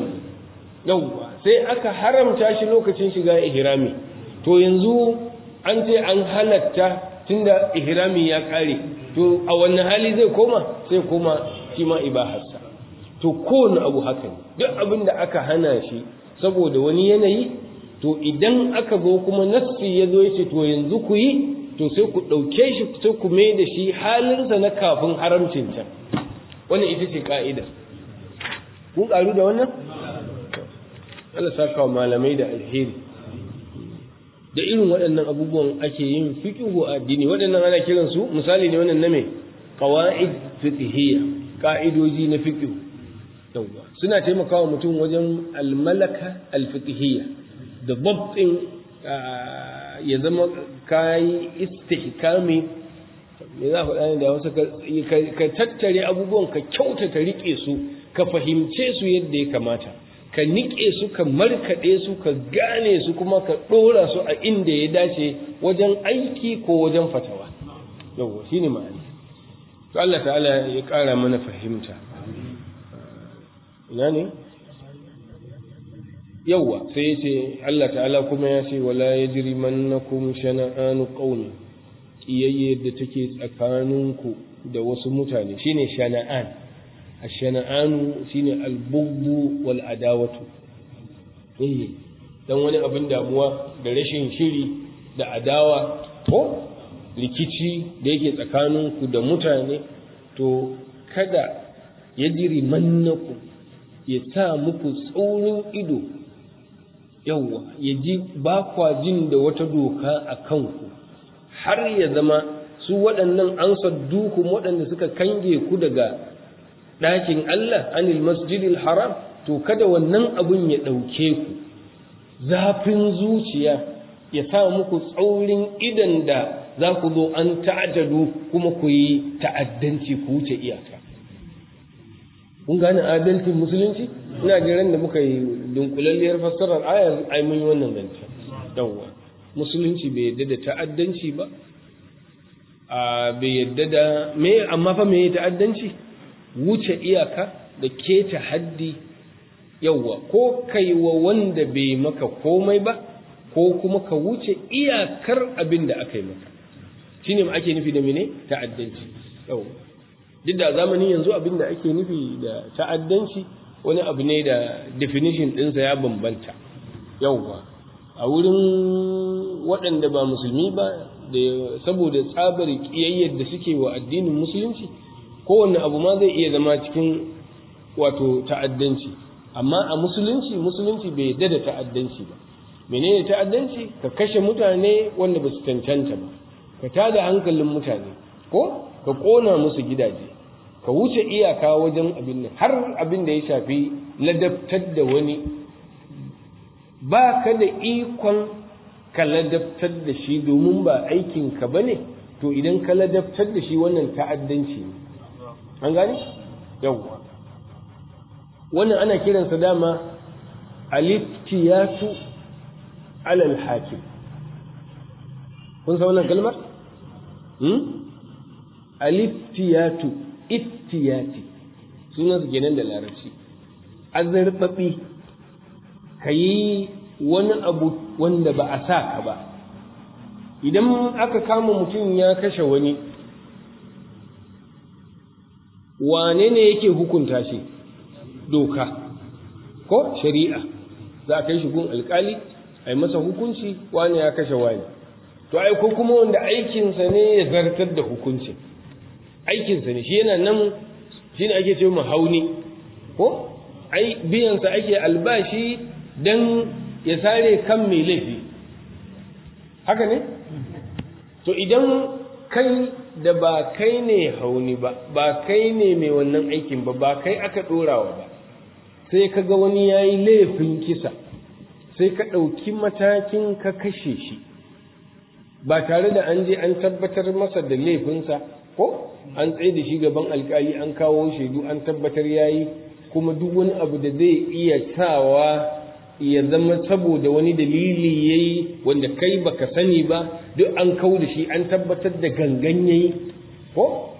yawwa sai aka haramta shi lokacin shiga ihrami to yanzu an ce an halatta tunda ihrami ya kare to a wani hali zai koma sai koma shi ma ibaharsa to kowane abu haka ne duk abin da aka hana shi saboda wani yanayi to idan aka zo kuma nassi ya zo yace to yanzu ku yi to sai ku ɗauke shi sai ku mai da shi halinsa na kafin haramcin can wannan ita ce ka'ida kun ƙaru da wannan Allah saka wa malamai da alheri da irin waɗannan abubuwan ake yin fiqhu a addini waɗannan ana kiran su misali ne wannan na me qawaid fiqhiyya ka'idoji na fiqh suna taimakawa mutum wajen almalaka alfiqhiyya da Bob ɗin ya zama kayi istihkami me za faɗa ne da wasu ka tattare abubuwan ka kyautata riƙe su ka fahimce su yadda ya kamata ka niƙe su ka markaɗe su ka gane su kuma ka ɗora su a inda ya dace wajen aiki ko wajen fatawa yawwa shi ne ma'ani to Allah ta'ala ya ƙara mana fahimta ina ne yawwa sai ce Allah ta'ala kuma ya ce wala yajrimannakum shana'anu qaumin kiyayye da take tsakaninku da wasu mutane shine shana'an a shanaanu shine al wal adawatu eh dan wani abin damuwa da rashin shiri da adawa ko rikici da yake tsakaninku da mutane to kada ya yajrimannakum ya sa muku tsaurin ido yawwa ya ji ba kwa jin da wata doka a kanku har ya zama su waɗannan an sadduku waɗanda suka kange ku daga ɗakin Allah anil masjidil haram to kada wannan abun ya ɗauke ku zafin zuciya ya sa muku tsaurin idan da za ku zo an ta'adadu kuma ku yi ta'addanci ku wuce iyaka kun gane adalcin musulunci ina jiran da muka yi dunkulalliyar fassarar ayar ai mun yi wannan zance yawwa musulunci bai yadda da ta'addanci ba a bai yadda da me amma fa me ta'addanci wuce iyaka da keta haddi yawwa ko kai wa wanda bai maka komai ba ko kuma ka wuce iyakar abin da aka yi maka shine ma ake nufi da mene ta'addanci yawwa duk da zamanin yanzu abin da ake nufi da ta'addanci wani abu ne da definition ɗinsa ya bambanta yauwa a wurin waɗanda ba musulmi ba da saboda tsabar ƙiyayyar da suke wa addinin musulunci kowane abu ma zai iya zama cikin wato ta'addanci amma a musulunci musulunci bai yadda da ta'addanci ba menene ta'addanci ka kashe mutane wanda ba su cancanta ba ka tada hankalin mutane ko ka ƙona musu gidaje ka wuce iyaka wajen abin nan har abin da ya shafi ladabtar da wani ba ka da ikon ka ladabtar da shi domin ba aikinka ba ne to idan ka ladabtar da shi wannan ta'addanci ne an gane yawwa wannan ana kiransa dama aliftiyatu alal hakim kun san wannan kalmar hmm? aliftiyatu ittiyati sunan su kenan da larabci azurfafi ka yi wani abu wanda ba a sa ka ba idan aka kama mutum ya kashe wani wane ne yake hukunta shi doka ko shari'a za a kai shi gun alkali a masa hukunci wani ya kashe wani to ai ko kuma wanda aikinsa ne ya zartar da hukuncin aikinsa ne shi yana nan shi ne ake ce hauni, ko ai biyansa ake albashi don ya sare kan mai laifi haka ne to idan kai da ba kai ne hauni ba ba kai ne mai wannan aikin ba ba kai aka ɗorawa ba sai ka ga wani ya yi laifin kisa sai ka ɗauki matakin ka kashe shi ba tare da an je an tabbatar masa da laifinsa ko an tsaye da shi gaban alkali an kawo shaidu an tabbatar yayi kuma duk wani abu da zai iya sawa ya zama saboda wani dalili yayi wanda kai baka sani ba duk an kawo da shi an tabbatar da gangan yayi ko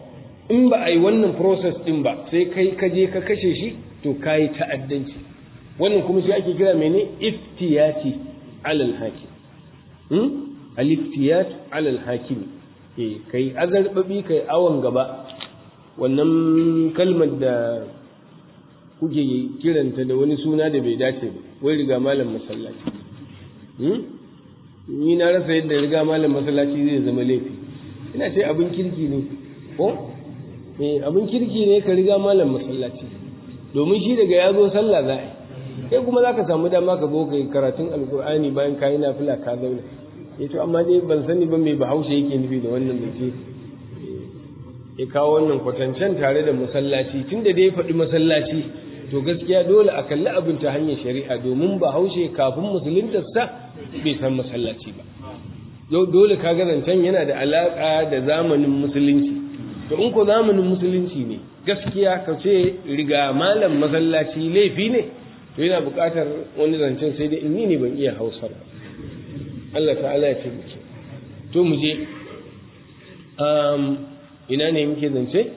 in ba a yi wannan process din ba sai kai ka je ka kashe shi to kayi ta'addanci wannan kuma shi ake kira mene iftiyati alal hakim hmm? al iftiyat alal hakim ke eh, kai azarbabi kai awon gaba wannan kalmar da kuke kiranta da wani suna da bai dace ba wai riga malam masallaci hmm? ni na rasa yadda riga malam masallaci zai zama laifi ina ce abin kirki ne ko eh abin kirki ne ka riga malam masallaci domin shi daga ya zo sallah za a yi kuma za ka samu dama ka zo ka yi karatun alkur'ani bayan ka yi nafila ka zauna ya eh, to amma dai ban sani ba mai bahaushe yake nufi da wannan mace eh, ya kawo wannan kwatancen tare da masallaci tun da dai faɗi masallaci to gaskiya dole a kalli abin ta hanyar shari'a domin bahaushe kafin musuluntarsa bai san masallaci ba yau dole ka zancen yana da alaƙa da zamanin musulunci to in ko zamanin musulunci ne gaskiya ka ce riga malam masallaci laifi ne to yana buƙatar wani zancen sai dai in ni ne ban iya hausar ba Allah ta'ala ya ce muke to mu je um, ina ne muke zance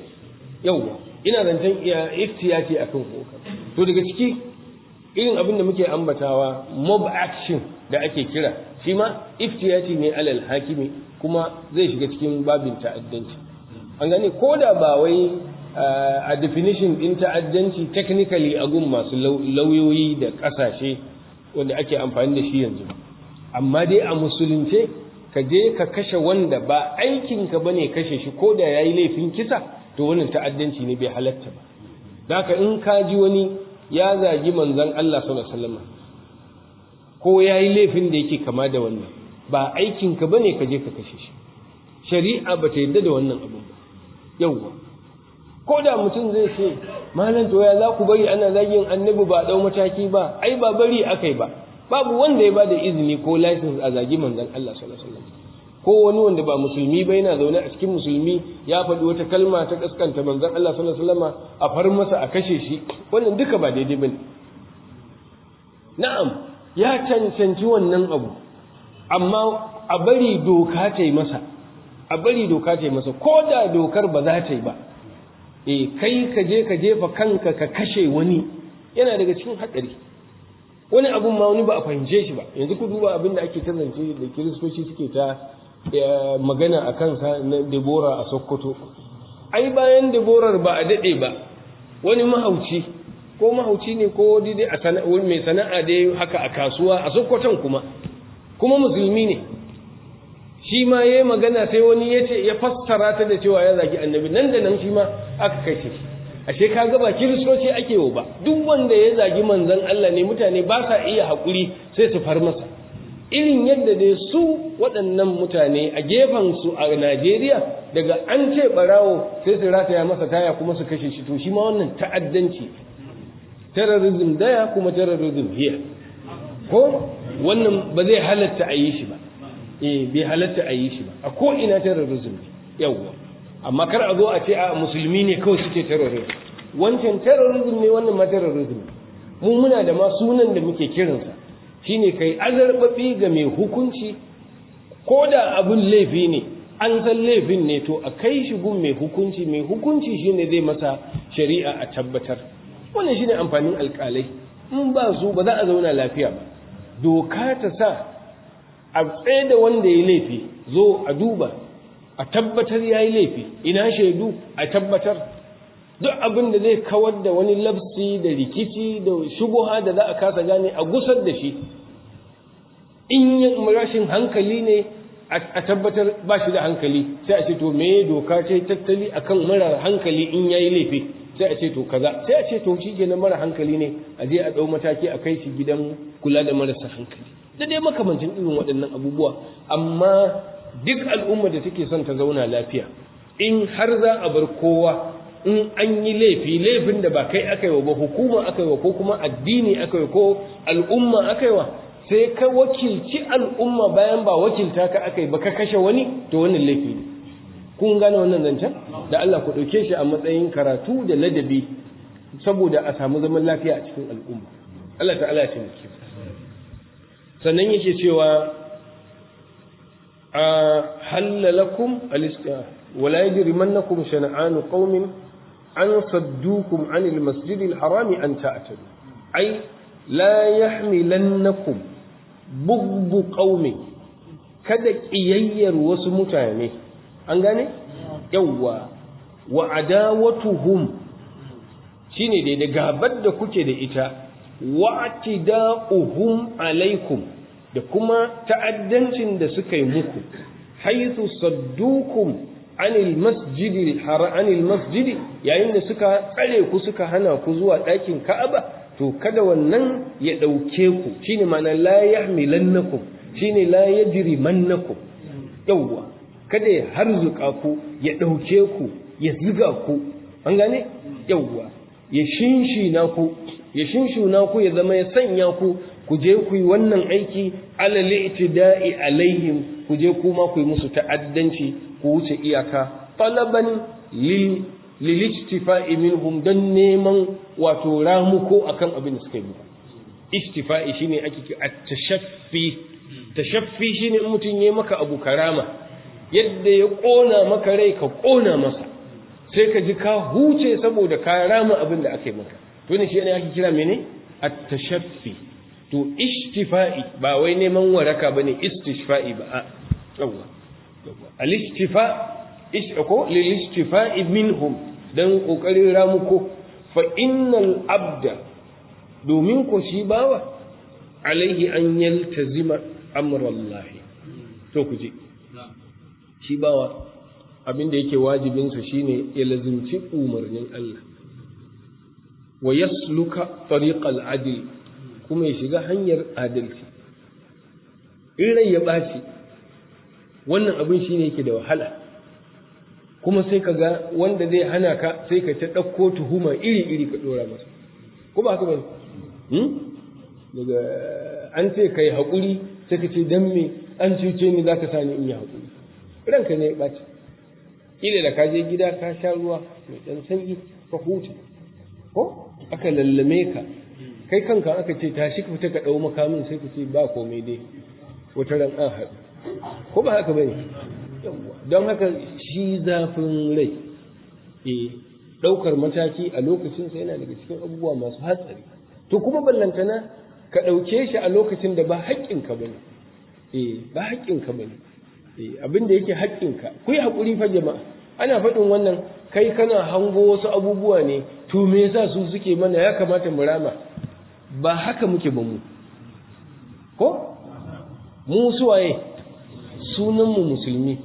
yauwa ina zancen iftiyati akan koka to daga ciki irin abin da muke ambatawa mob action da ake kira shi ma ce ne alal hakimi kuma zai shiga cikin babin ta'addanci an gani ko da ba wai uh, a definition din ta'addanci technically a gun masu lauyoyi da ƙasashe wanda ake amfani da shi yanzu ba amma dai a musulunce ka je ka kashe wanda ba aikinka bane kashe shi ko da yayi laifin kisa to wannan ta'addanci ne bai halatta ba ka in ka ji wani ya zagi manzon Allah sallallahu alaihi wasallam ko yayi laifin da yake kama da wannan ba aikinka bane ka je ka kashe shi shari'a ba ta yadda da wannan abin ba yawwa ko da mutum zai ce malam to ya za ku bari ana zagin annabi ba dau mataki ba ai ba bari akai ba babu wanda ya bada izini ko license a zagi manzon Allah sallallahu alaihi wasallam ko wani wanda ba musulmi ba yana zaune a cikin musulmi ya faɗi wata kalma ta kaskanta manzon Allah sallallahu alaihi wasallam a far masa a kashe shi wannan duka ba daidai bane na'am ya cancanci wannan abu amma a bari doka ta yi masa a bari doka ta yi masa ko da dokar ba za ta yi ba eh kai ka je ka jefa kanka ka kashe wani yana daga cikin hatsari wani abun ma wani ba a fahimce shi ba yanzu ku duba abin da ake tazance da kiristoci suke ta eh, magana a kansa na debora a sokoto ai bayan deborar ba a daɗe ba wani mahauci ko mahauci ne ko dai a sana'a mai sana'a dai haka a kasuwa a sokoton kuma kuma musulmi ne shi ma yayi magana sai wani ya ce ya fassara ta da cewa ya zagi annabi nan da nan shi ma aka kai shi ashe ka ga ba kiristoci ake wo ba duk wanda ya zagi manzon Allah ne mutane ba sa iya hakuri sai su far masa irin yadda dai su waɗannan mutane a gefen su a Najeriya daga an ce barawo sai su rataya masa taya kuma su kashe shi to shi ma wannan ta'addanci terrorism daya kuma terrorism here ko wannan ba zai halatta a yi shi ba eh bai halatta a yi shi ba a ko ina terrorism amma kar a zo a ce a musulmi ne kawai suke terrorism wancan terrorism ne wannan ma terrorism mu muna da ma sunan da muke kiransa shine kai azarbabi ga mai hukunci ko da abun laifi ne an san laifin ne to a kai shi gun mai hukunci mai hukunci shine zai masa shari'a a tabbatar wannan shine amfanin alƙalai in ba su ba za a zauna lafiya ba doka ta sa a tsaye da wanda ya laifi zo a duba a tabbatar ya yi laifi ina shaidu a tabbatar duk abin da zai kawar da wani labsi da rikici da shubuha da za a kasa gane a gusar da shi in yi rashin hankali ne a tabbatar ba shi da hankali sai a ce to me doka ce tattali a kan mara hankali in ya yi laifi sai a ce to kaza sai a ce to shi ke mara hankali ne a je a ɗau mataki a kai shi gidan kula da marasa hankali da dai makamancin irin waɗannan abubuwa amma duk al'umma da take son ta zauna lafiya in har za a bar kowa in an yi laifi laifin da ba kai aka yi wa ba hukuma aka yi wa ko kuma addini aka yi ko al'umma aka yi wa sai ka wakilci al'umma bayan ba wakilta ka aka yi ba ka kashe wani to wannan laifi ne kun gane wannan zancen da Allah ku ɗauke shi a matsayin karatu da ladabi saboda a samu zaman lafiya a cikin al'umma Allah ta'ala ya ce sannan yake cewa halla lakum wala yajrimannakum shan'anu qaumin an saddukum anil masjidil harami an ta'tadu ai la yahmilannakum bugbu qaumin kada ƙiyayyar wasu mutane an gane yawwa wa adawatuhum shine da gabar da kuke da ita wa atida'uhum alaikum da kuma ta'addancin da suka yi muku haithu saddukum anil masjidi anil masjidi yayin da suka tsare ku suka hana ku zuwa ɗakin Ka'aba to kada wannan ya ɗauke ku shine ma'ana la yahmilannakum shine la mannakum yawwa kada ya harzuka ku ya ɗauke ku ya ziga ku an gane yawwa ya shinshina ku ya na ku ya zama ya sanya ku ku je ku yi wannan aiki alal itida'i alaihim ku je kuma ku yi musu ta'addanci ku wuce iyaka talaban lil lil minhum dan neman wato ramuko akan abin da suka yi istifa'i shine ake ki at-tashaffi tashaffi shine in mutun yayi maka abu karama yadda ya kona maka rai ka kona masa sai ka ji ka huce saboda ka rama abin da aka yi maka to ne shi ne ake kira mene at-tashaffi to ishtifa'i ba wai neman waraka bane istishfa'i ba A, yawa al-istifa ishako lil istifa'i minhum dan kokarin ramuko fa innal abda domin ko shi bawa alaihi an yaltazima amrallahi to ku ji shi bawa abin da yake wajibinsa shine ya lazimci umarnin Allah wa yasluka tariqal adil? kuma ya shiga hanyar adalci in rai ya ɓaci wannan abin shine yake da wahala kuma sai ka ga wanda zai hana ka sai ka ta ɗauko tuhuma iri-iri ka ɗora masa ko ba haka ba hmm? daga an ce ka yi haƙuri sai ka ce don me an cuce ni za ka sa ni in yi haƙuri ranka ne ya ɓaci ƙila da ka je gida ka sha ruwa mai ɗan sanyi ka huta ko aka lallame ka kai kanka aka ce tashi shi fita ka ɗau makamin sai ku ce ba komai dai wata ran an haɗu ko ba haka bane don haka shi zafin rai e ɗaukar mataki a lokacin sai yana daga cikin abubuwa masu hatsari to kuma ballantana ka ɗauke shi a lokacin da ba haƙƙinka ba ne e ba haƙƙinka ba ne eh, abin da yake haƙƙinka ku yi haƙuri fa jama'a ana faɗin wannan kai kana hango wasu abubuwa ne to me yasa su suke mana ya kamata mu rama ba haka muke ba mu ko mu suwaye sunanmu musulmi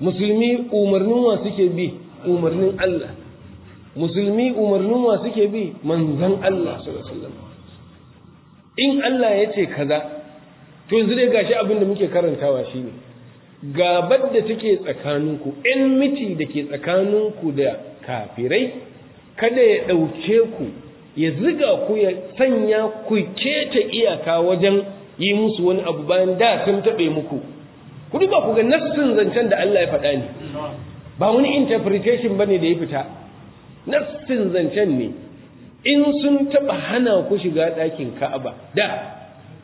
musulmi umarnin wa suke bi umarnin Allah musulmi umarnin wa suke bi manzan Allah sallallahu alaihi in Allah ya ce kaza to yanzu dai gashi abin da muke karantawa shine gabar da take tsakaninku in miti da ke tsakaninku da kafirai kada ya ɗauke ku ya ziga ku ya sanya ku keta iyaka wajen yi musu wani abu bayan da sun taɓe muku ku duba ku ga nassin zancen da Allah ya faɗa ne ba wani interpretation bane da ya fita nassin zancen ne in sun taɓa hana ku shiga ɗakin Ka'aba da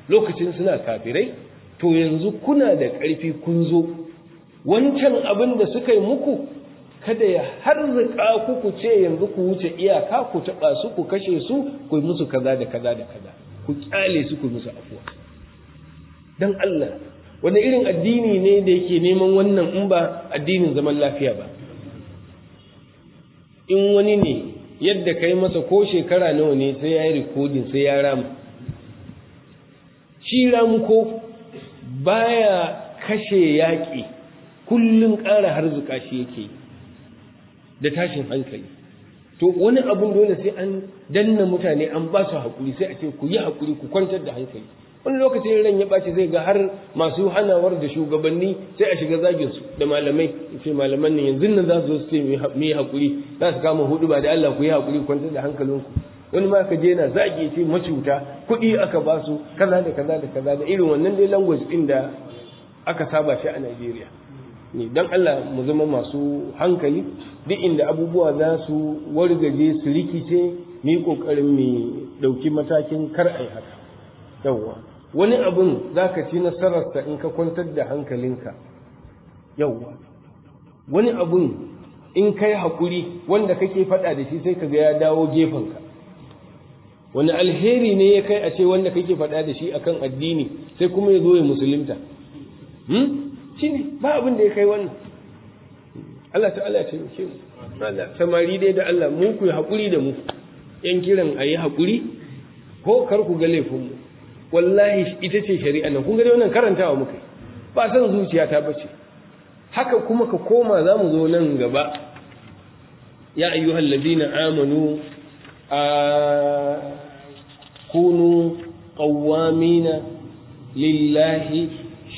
lokacin suna kafirai to yanzu kuna da ƙarfi kun zo wancan abin da suka yi muku kada ya harzuka ku ku ce yanzu ku wuce iyaka ku taba su ku kashe su ku yi musu kaza da kaza da kaza ku kyale su ku musu afuwa dan Allah wani irin addini ne da yake neman wannan in ba addinin zaman lafiya ba in wani ne yadda kai masa ko shekara nawa ne sai ya yi rikodin sai ya rama? shi ramu ko baya kashe yaƙi kullum ƙara harzuka shi yake yi da tashin hankali to wani abun dole sai an danna mutane an ba su haƙuri sai a ce ku yi haƙuri ku kwantar da hankali wani lokacin ran ya ɓaci zai ga har masu hanawar da shugabanni sai a shiga zagin su da malamai ce malaman nan yanzu nan za su zo su ce mu yi haƙuri za su kama hudu ba da Allah ku yi haƙuri kwantar da hankalinku wani ma ka je na zagi ce macuta kuɗi aka ba su kaza da kaza da kaza da irin wannan dai language ɗin da aka saba shi a Najeriya ne don Allah mu zama masu hankali duk inda abubuwa za su wargaje su rikice ni kokarin mu dauki matakin kar ai haka yawwa wani abun zaka ci nasararsa in ka kwantar da hankalinka yawwa wani abun in kai hakuri wanda kake faɗa da shi sai kaga ya dawo ka, wani alheri ne ya kai a ce wanda kake faɗa da shi akan addini sai kuma ya zo ya musulunta hmm? ne, ba abin da ya kai wannan Allah ta'ala ya taimake mu Allah samari dai da Allah mu ku haƙuri da mu yan kiran a yi haƙuri ko kar ku ga laifinmu wallahi ita ce shari'a nan kun ga wannan karantawa muka ba san zuciya ta bace haka kuma ka koma za mu zo nan gaba ya ayyuhal ladina amanu a kunu qawwamina lillahi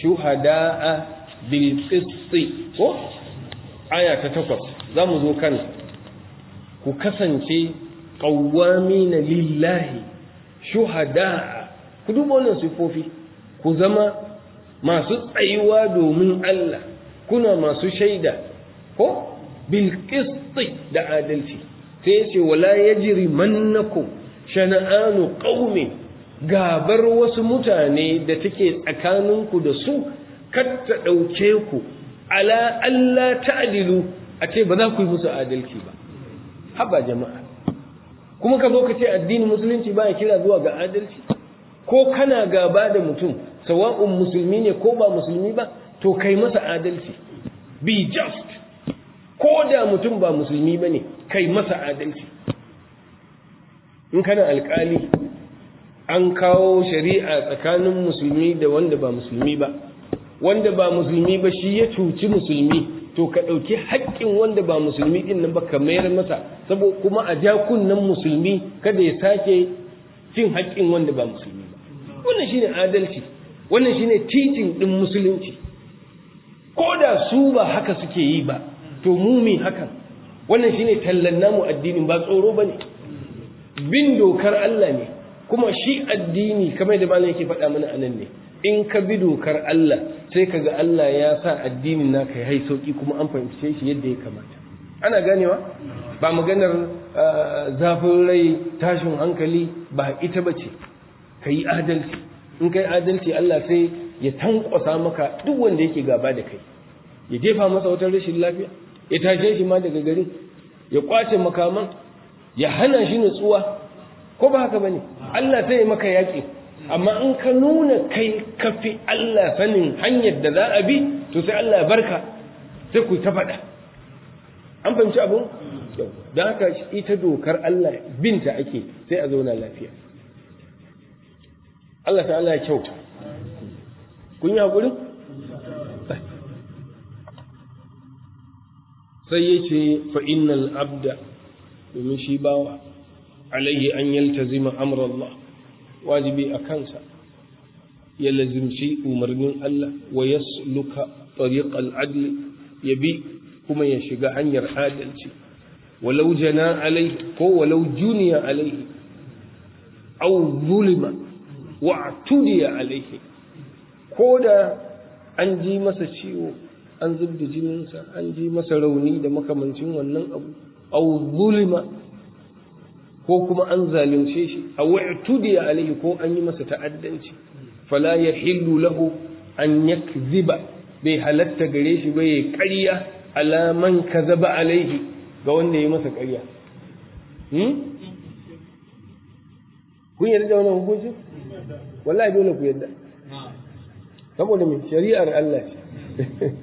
shuhada'a bil ko aya ta takwas za zo kan ku kasance qawwamina lillahi shuhada ku duba wannan sifofi ku zama masu tsayuwa domin Allah kuna masu shaida ko bil da adalci sai yace wala yajri mannakum shana'anu qaumin gabar wasu mutane da take tsakaninku da su katta ta ɗauke ku ala Allah ta'dilu a ce ba za ku yi musu adalci ba haba jama'a kuma ka zo ka ce addinin musulunci ba ya kira zuwa ga adalci ko kana gaba da mutum sawa'un musulmi ne ko ba musulmi ba to kai masa adalci be just ko da mutum ba musulmi bane kai masa adalci in kana alkali an kawo shari'a tsakanin musulmi da wanda ba musulmi ba wanda ba musulmi ba shi ya cuci musulmi to ka ɗauki haƙƙin wanda ba musulmi ɗin nan ba ka mayar masa saboda kuma a ja kunnen musulmi kada ya sake cin haƙƙin wanda ba musulmi ba wannan shine adalci wannan shine titin ɗin musulunci ko da su ba haka suke yi ba to mu hakan wannan shine tallan namu addinin ba tsoro ba ne. bin dokar Allah ne kuma shi addini kamar da malam yake faɗa mana anan ne in ka bi dokar Allah sai kaga Allah ya sa addinin na naka ya sauki kuma an fahimce shi yadda ya kamata ana ganewa ba maganar ah, zafin rai tashin hankali ba ita ba ce ka yi adalci in kai adalci Allah sai ya tankwasa maka duk wanda yake gaba da kai ya jefa masa wata rashin lafiya ya tashe shi ma daga gari ya kwace makaman ya hana shi nutsuwa ko ba haka bane Allah sai ya maka yaƙi amma in ka nuna kai ka fi Allah sanin hanyar da za a bi to sai Allah ya barka sai ku ta faɗa an fahimci abu don haka ita dokar Allah binta ake sai a zauna lafiya Allah ta'ala ya kyauta kun yi haƙuri sai ya ce fa'innal abda domin shi bawa alaihi an yaltazima amrallah wajibi a kansa ya lazimci umarnin Allah wa luka tariqal adl ya bi kuma ya shiga hanyar adalci walau jana alaihi ko walau juniya alaihi aw zulima wa tudiya alaihi ko da an ji masa ciwo an zub da jininsa an ji masa rauni da makamancin wannan abu aw zulima ko kuma an zalunce shi a wa'tudiya alaihi ko an yi masa ta'addanci fala yahillu lahu an yakziba bai halatta gare shi ba ya ƙarya ala man kazaba alaihi ga wanda ya masa ƙarya hmm? kun yarda da wannan hukunci wallahi dole ku yarda saboda mai shari'ar Allah ce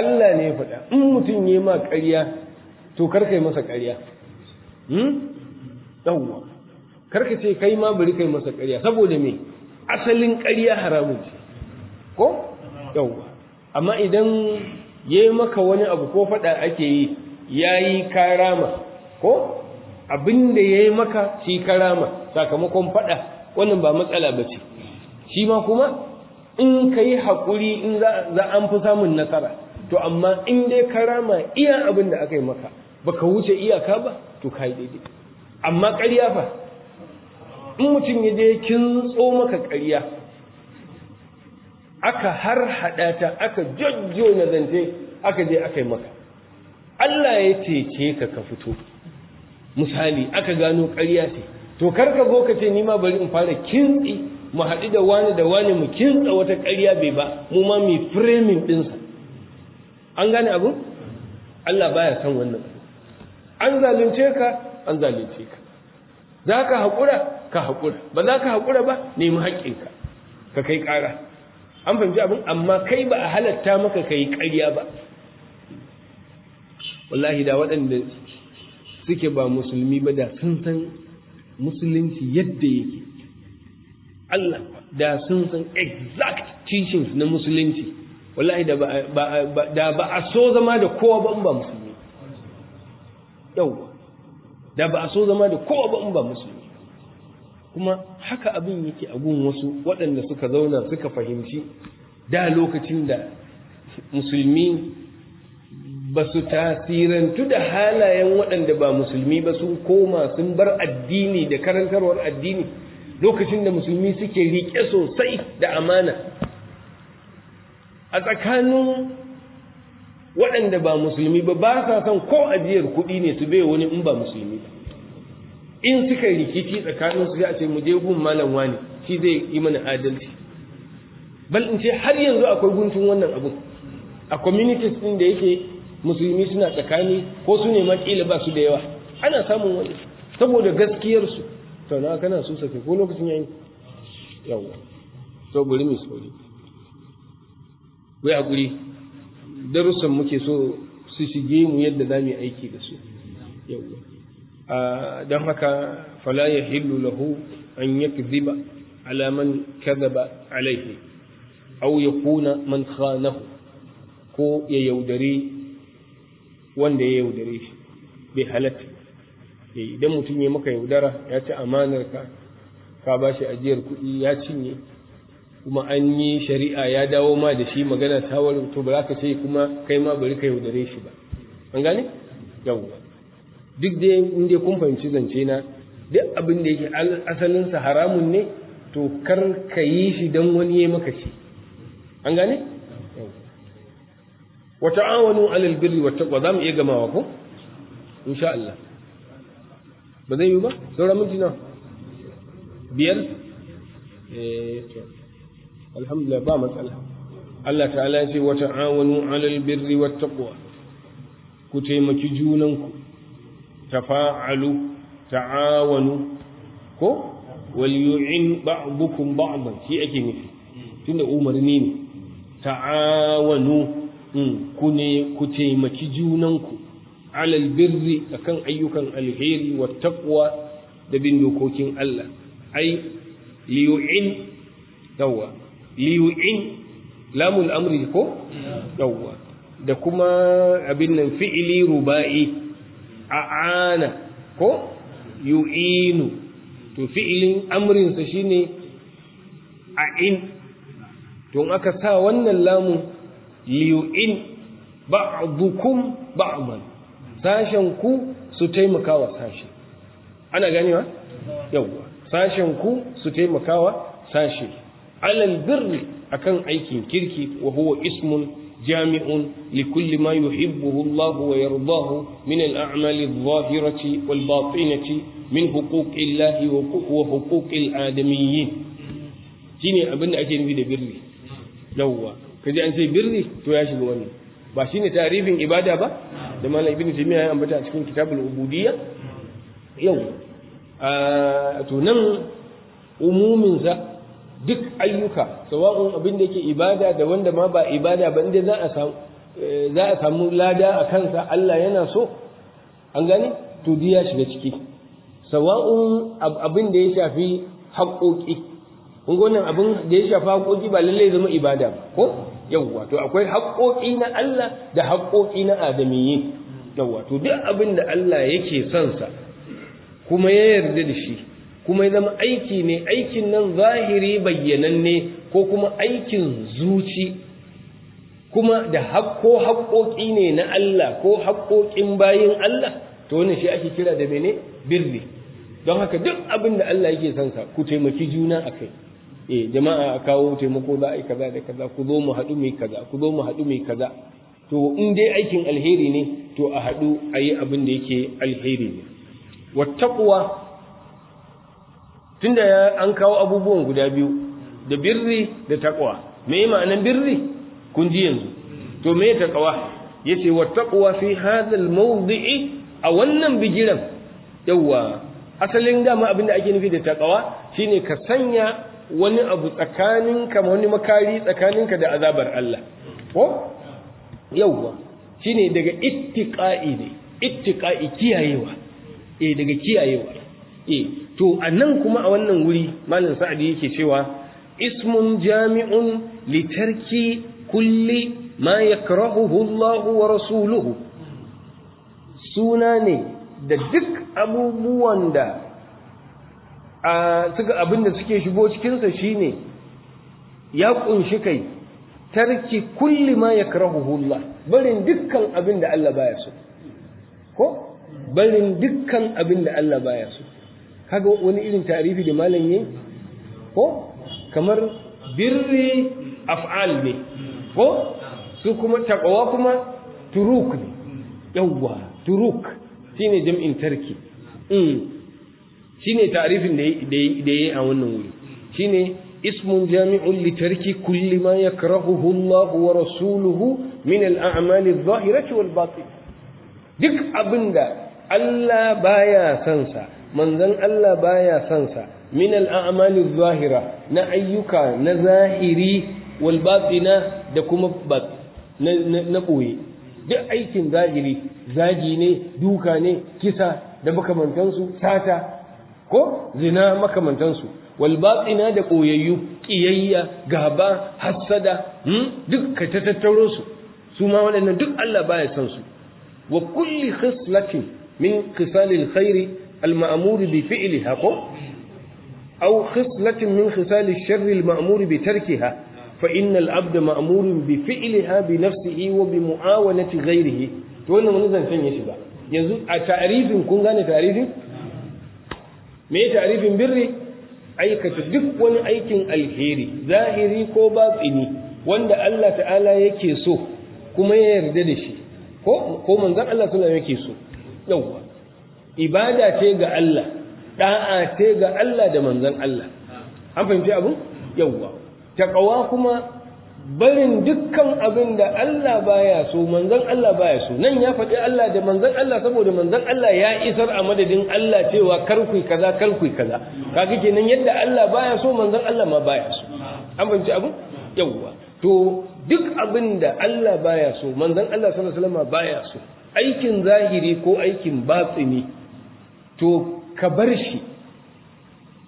Allah ne ya faɗa in mutum ya ma ƙarya to kar kai masa ƙarya hmm? yawwa karka ce kai ma bari kai masa ƙarya saboda me asalin ƙarya haramun ce ko yawwa amma idan ya yi maka wani abu ko faɗa ake yi ya yi karama ko abin da ya yi maka shi karama sakamakon faɗa wannan ba matsala ba ce shi ma kuma in ka yi haƙuri in za an fi samun nasara to amma in dai karama iya abin da aka yi maka baka wuce iyaka ba to ka yi daidai amma ƙarya fa in mutum ya je kin tso maka ƙarya aka har haɗa ta aka jajjo na zance aka je aka yi maka Allah ya ce, ka ka fito misali aka gano ƙarya ce to kar ka zo ka ce ni ma bari in fara kintsi mu haɗu da wani da wani mu kintsa wata ƙarya bai ba mu ma mai framing ɗinsa an gane abu Allah baya son wannan an zalunce ka an zalunce ka za ka haƙura ka haƙura ba za ka haƙura ba nemi haƙƙinka ka kai ƙara an fahimci abin amma kai ba a halatta maka ka yi ƙarya ba wallahi da waɗanda suke ba musulmi ba da sun san musulunci yadda yake Allah da sun san exact teachings na musulunci wallahi da ba a so zama da kowa ba ba musulmi yau da ba a so zama da kowa ba in ba musulmi kuma haka abin yake a gun wasu waɗanda suka zauna suka fahimci da lokacin da musulmi ba su tasirantu da halayen waɗanda ba musulmi ba sun koma sun bar addini da karantarwar addini lokacin da musulmi suke riƙe sosai da amana a tsakanin waɗanda ba musulmi ba ba sa son ko ajiyar kuɗi ne su bai wani in ba musulmi ba in suka rikici tsakanin su a ce mu je gun malam wani shi zai yi mana adalci bal in ce har yanzu akwai guntun wannan abun a communities din da yake musulmi suna tsakani ko su ne makila ba su da yawa ana samun wani saboda gaskiyar su to kana su sake ko lokacin yayin yawa to bari mu wai a guri darussan muke so su shige mu yadda za mu aiki da su don haka fala ya hillu lahu an yakdhiba ala man kadhaba au ya kuna man khanahu ko ya yaudare wanda ya yaudare shi bai halatta eh, idan mutum ya maka yaudara ya ci amanar ka ka ba shi ajiyar kuɗi ya cinye kuma an yi shari'a ya dawo ma da shi magana ta to ba za ka ce kuma kai ma bari ka yaudare shi ba an gane yawwa duk da in dai kun fahimci zance na duk abin da yake asalin sa haramun ne to kar ka yi shi dan wani ya maka shi an gane wa ta'awanu 'alal birri wat taqwa zamu iya gamawa ko insha Allah ba zai yi ba sauran mintuna biyar eh alhamdulillah ba matsala Allah ta'ala ce wa ta'awanu 'alal birri wat taqwa ku taimaki junanku tafa'alu ta'awanu ko wal yu'in ba'dukum ba'dan shi ake nufi tunda umarni ne ta'awanu mm, ku ne ku taimaki junanku alal birri akan ayyukan alheri wat taqwa da bin dokokin Allah ai liyu'in dawa. liyu'in lamul amri ko yawwa da kuma abin nan fi'ili ruba'i a'ana ko yu'inu to fi'ilin amrin sa shine a'in to aka sa wannan lamun liyu'in ba'dukum ba'dan sashen ku su taimakawa sashi ana ganewa yawwa sashen ku su taimakawa sashi alal birri akan aikin kirki wa huwa ismun jami'un li kulli ma yuhibbuhu Allah wa yardahu min al-a'mali adh-dhahirati wal batinati min huquqi Allah wa huquqi al-adamiyyin shine abinda ake nufi da birri yawwa kaje an sai birri to ya shiga wannan ba shine tarifin ibada ba da malam ibnu taymiya ya ambata a cikin kitabul ubudiyya yau ah, to nan umuminsa duk ayyuka sawa'un abin da yake ibada da wanda ma ba ibada ba inda za a samu eh, za a samu lada a kansa Allah yana so an gani, to duk ya shiga ciki sawa'un abin da ya shafi haƙoƙi kun ga wannan abin da ya shafi haƙoƙi ba lallai zama ibada ba ko yawwa to akwai haƙoƙi na Allah da haƙoƙi na adamiyyi yawwa to duk abin da Allah yake son sa kuma ya yarda da shi kuma ya zama aiki ne aikin nan zahiri bayyananne ko kuma aikin zuci kuma da hakko haƙoƙi ne na Allah ko haƙoƙin bayin Allah to wannan shi ake kira da mene birri don haka duk abin da Allah yake son sa ku taimaki juna akai eh jama'a a kawo taimako za a yi kaza da kaza ku zo mu haɗu mu kaza ku zo mu haɗu mu kaza to in dai aikin alheri ne to a haɗu a yi abin da yake alheri ne taqwa tunda an kawo abubuwan guda biyu da birri da taqwa me ma'anan birri kun ji yanzu to me taqwa yace wa taqwa fi hadha al mawdi'i a wannan bigiran yawa asalin dama abin da ake nufi da taqwa shine ka sanya wani abu tsakaninka wani makari tsakaninka da azabar Allah ko yawa shine daga ittiqa'i ne ittiqa'i kiyayewa eh daga kiyayewa eh to nan kuma a wannan wuri malam sa'adi yake cewa ismun jami'un litarki kulli ma yakrahuhu Allah wa rasuluhu suna ne da duk abubuwan da a suka abin da suke shigo cikinsa shine ya kunshi kai tarki kulli ma yakrahuhu Allah barin dukkan abin da Allah baya so ko barin dukkan abin da Allah baya so kaga wani irin tarifi da malam yi ko kamar birri af'al ne ko su kuma taqwa kuma turuk ne yawwa turuk shine jam'in tarki mm shine tarifin da da yi a wannan wuri shine اسم جامع لترك كل ما يكرهه الله ورسوله من الأعمال الظاهرة والباطنة duk abin da Allah baya son manzon Allah baya son sa min al'amali zahira na ayyuka na zahiri wal batina da kuma na ɓoye duk aikin zahiri zagi ne duka ne kisa da makamantansu sata ko zina makamantansu wal batina da ɓoyayyu ƙiyayya gaba hassada hmm, duk ka ta tattaro su su ma waɗannan duk Allah baya son su wa kulli khislatin min khisalil khairi al-ma'mur bi fi'liha ko aw khislatin min khisal ash-sharr al-ma'mur bi tarkiha fa inna al-abd ma'mur bi fi'liha bi nafsihi wa bi mu'awanati ghayrihi to wannan wani zancen ya shiga yanzu a ta'rifin kun gane ta'rifin me ta'rifin birri aikata duk wani aikin alheri zahiri ko batsini wanda Allah ta'ala yake so kuma ya yarda da shi ko Allah so yawwa ibada ce ga Allah da'a ce ga Allah da manzon Allah an fahimci abu yawwa taqwa kuma barin dukkan abin da Allah baya so manzon Allah baya so nan ya faɗi Allah da manzon Allah saboda manzon Allah ya isar a madadin Allah cewa kar kaza kar kaza kaga kenan yadda Allah baya so manzon Allah ma baya so an fahimci abu yawwa to duk abin da Allah baya so manzon Allah sallallahu alaihi wasallam baya so aikin zahiri ko aikin batsini to ka bar shi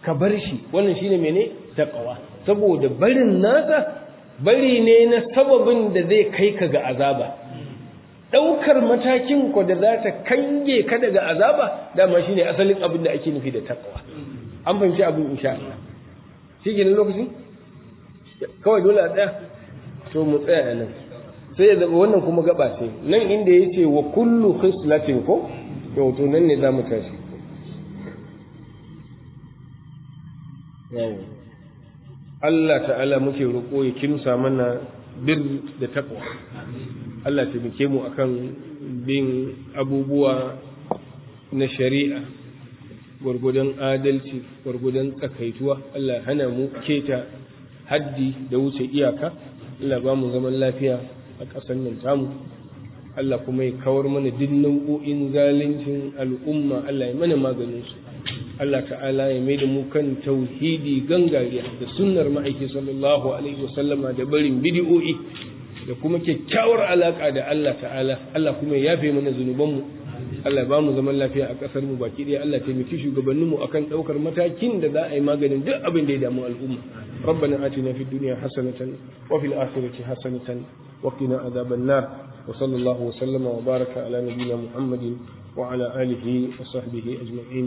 ka bar shi wannan shine mene taqwa saboda barin nasa bari ne na sababin da zai kai ka ga azaba ɗaukar matakin ku da za ta kange ka daga azaba dama shine asalin abin da ake nufi da taqwa an fahimci abin insha Allah shi ne lokacin kawai dole a tsaya to mu tsaya nan sai ya zaba wannan kuma gaba sai nan inda yace wa kullu khislatin ko to nan ne zamu tashi Allah ta'ala muke roƙo ya kimsa mana bir da taqwa Allah ta taimake mu akan bin abubuwa na shari'a gwargwadon adalci gwargwadon tsakaituwa Allah hana mu keta haddi da wuce iyaka Allah ba mu zaman lafiya a ƙasar nan tamu Allah kuma ya kawar mana duk nau'o'in zaluncin al'umma Allah ya mana maganin su Allah ta'ala ya mai da mu kan tauhidi gangariya da sunnar ma'aiki sallallahu alaihi wasallama da barin bidi'o'i da kuma kyakkyawar alaka da Allah ta'ala Allah kuma ya yafe mana zunubanmu Allah ba mu zaman lafiya a ƙasar mu baki ɗaya Allah taimaki shugabanninmu akan ɗaukar matakin da za a yi maganin duk abin da ya damu al'umma ربنا آتنا في الدنيا حسنة وفي الآخرة حسنة وقنا عذاب النار وصلى الله وسلم وبارك على نبينا محمد وعلى آله وصحبه أجمعين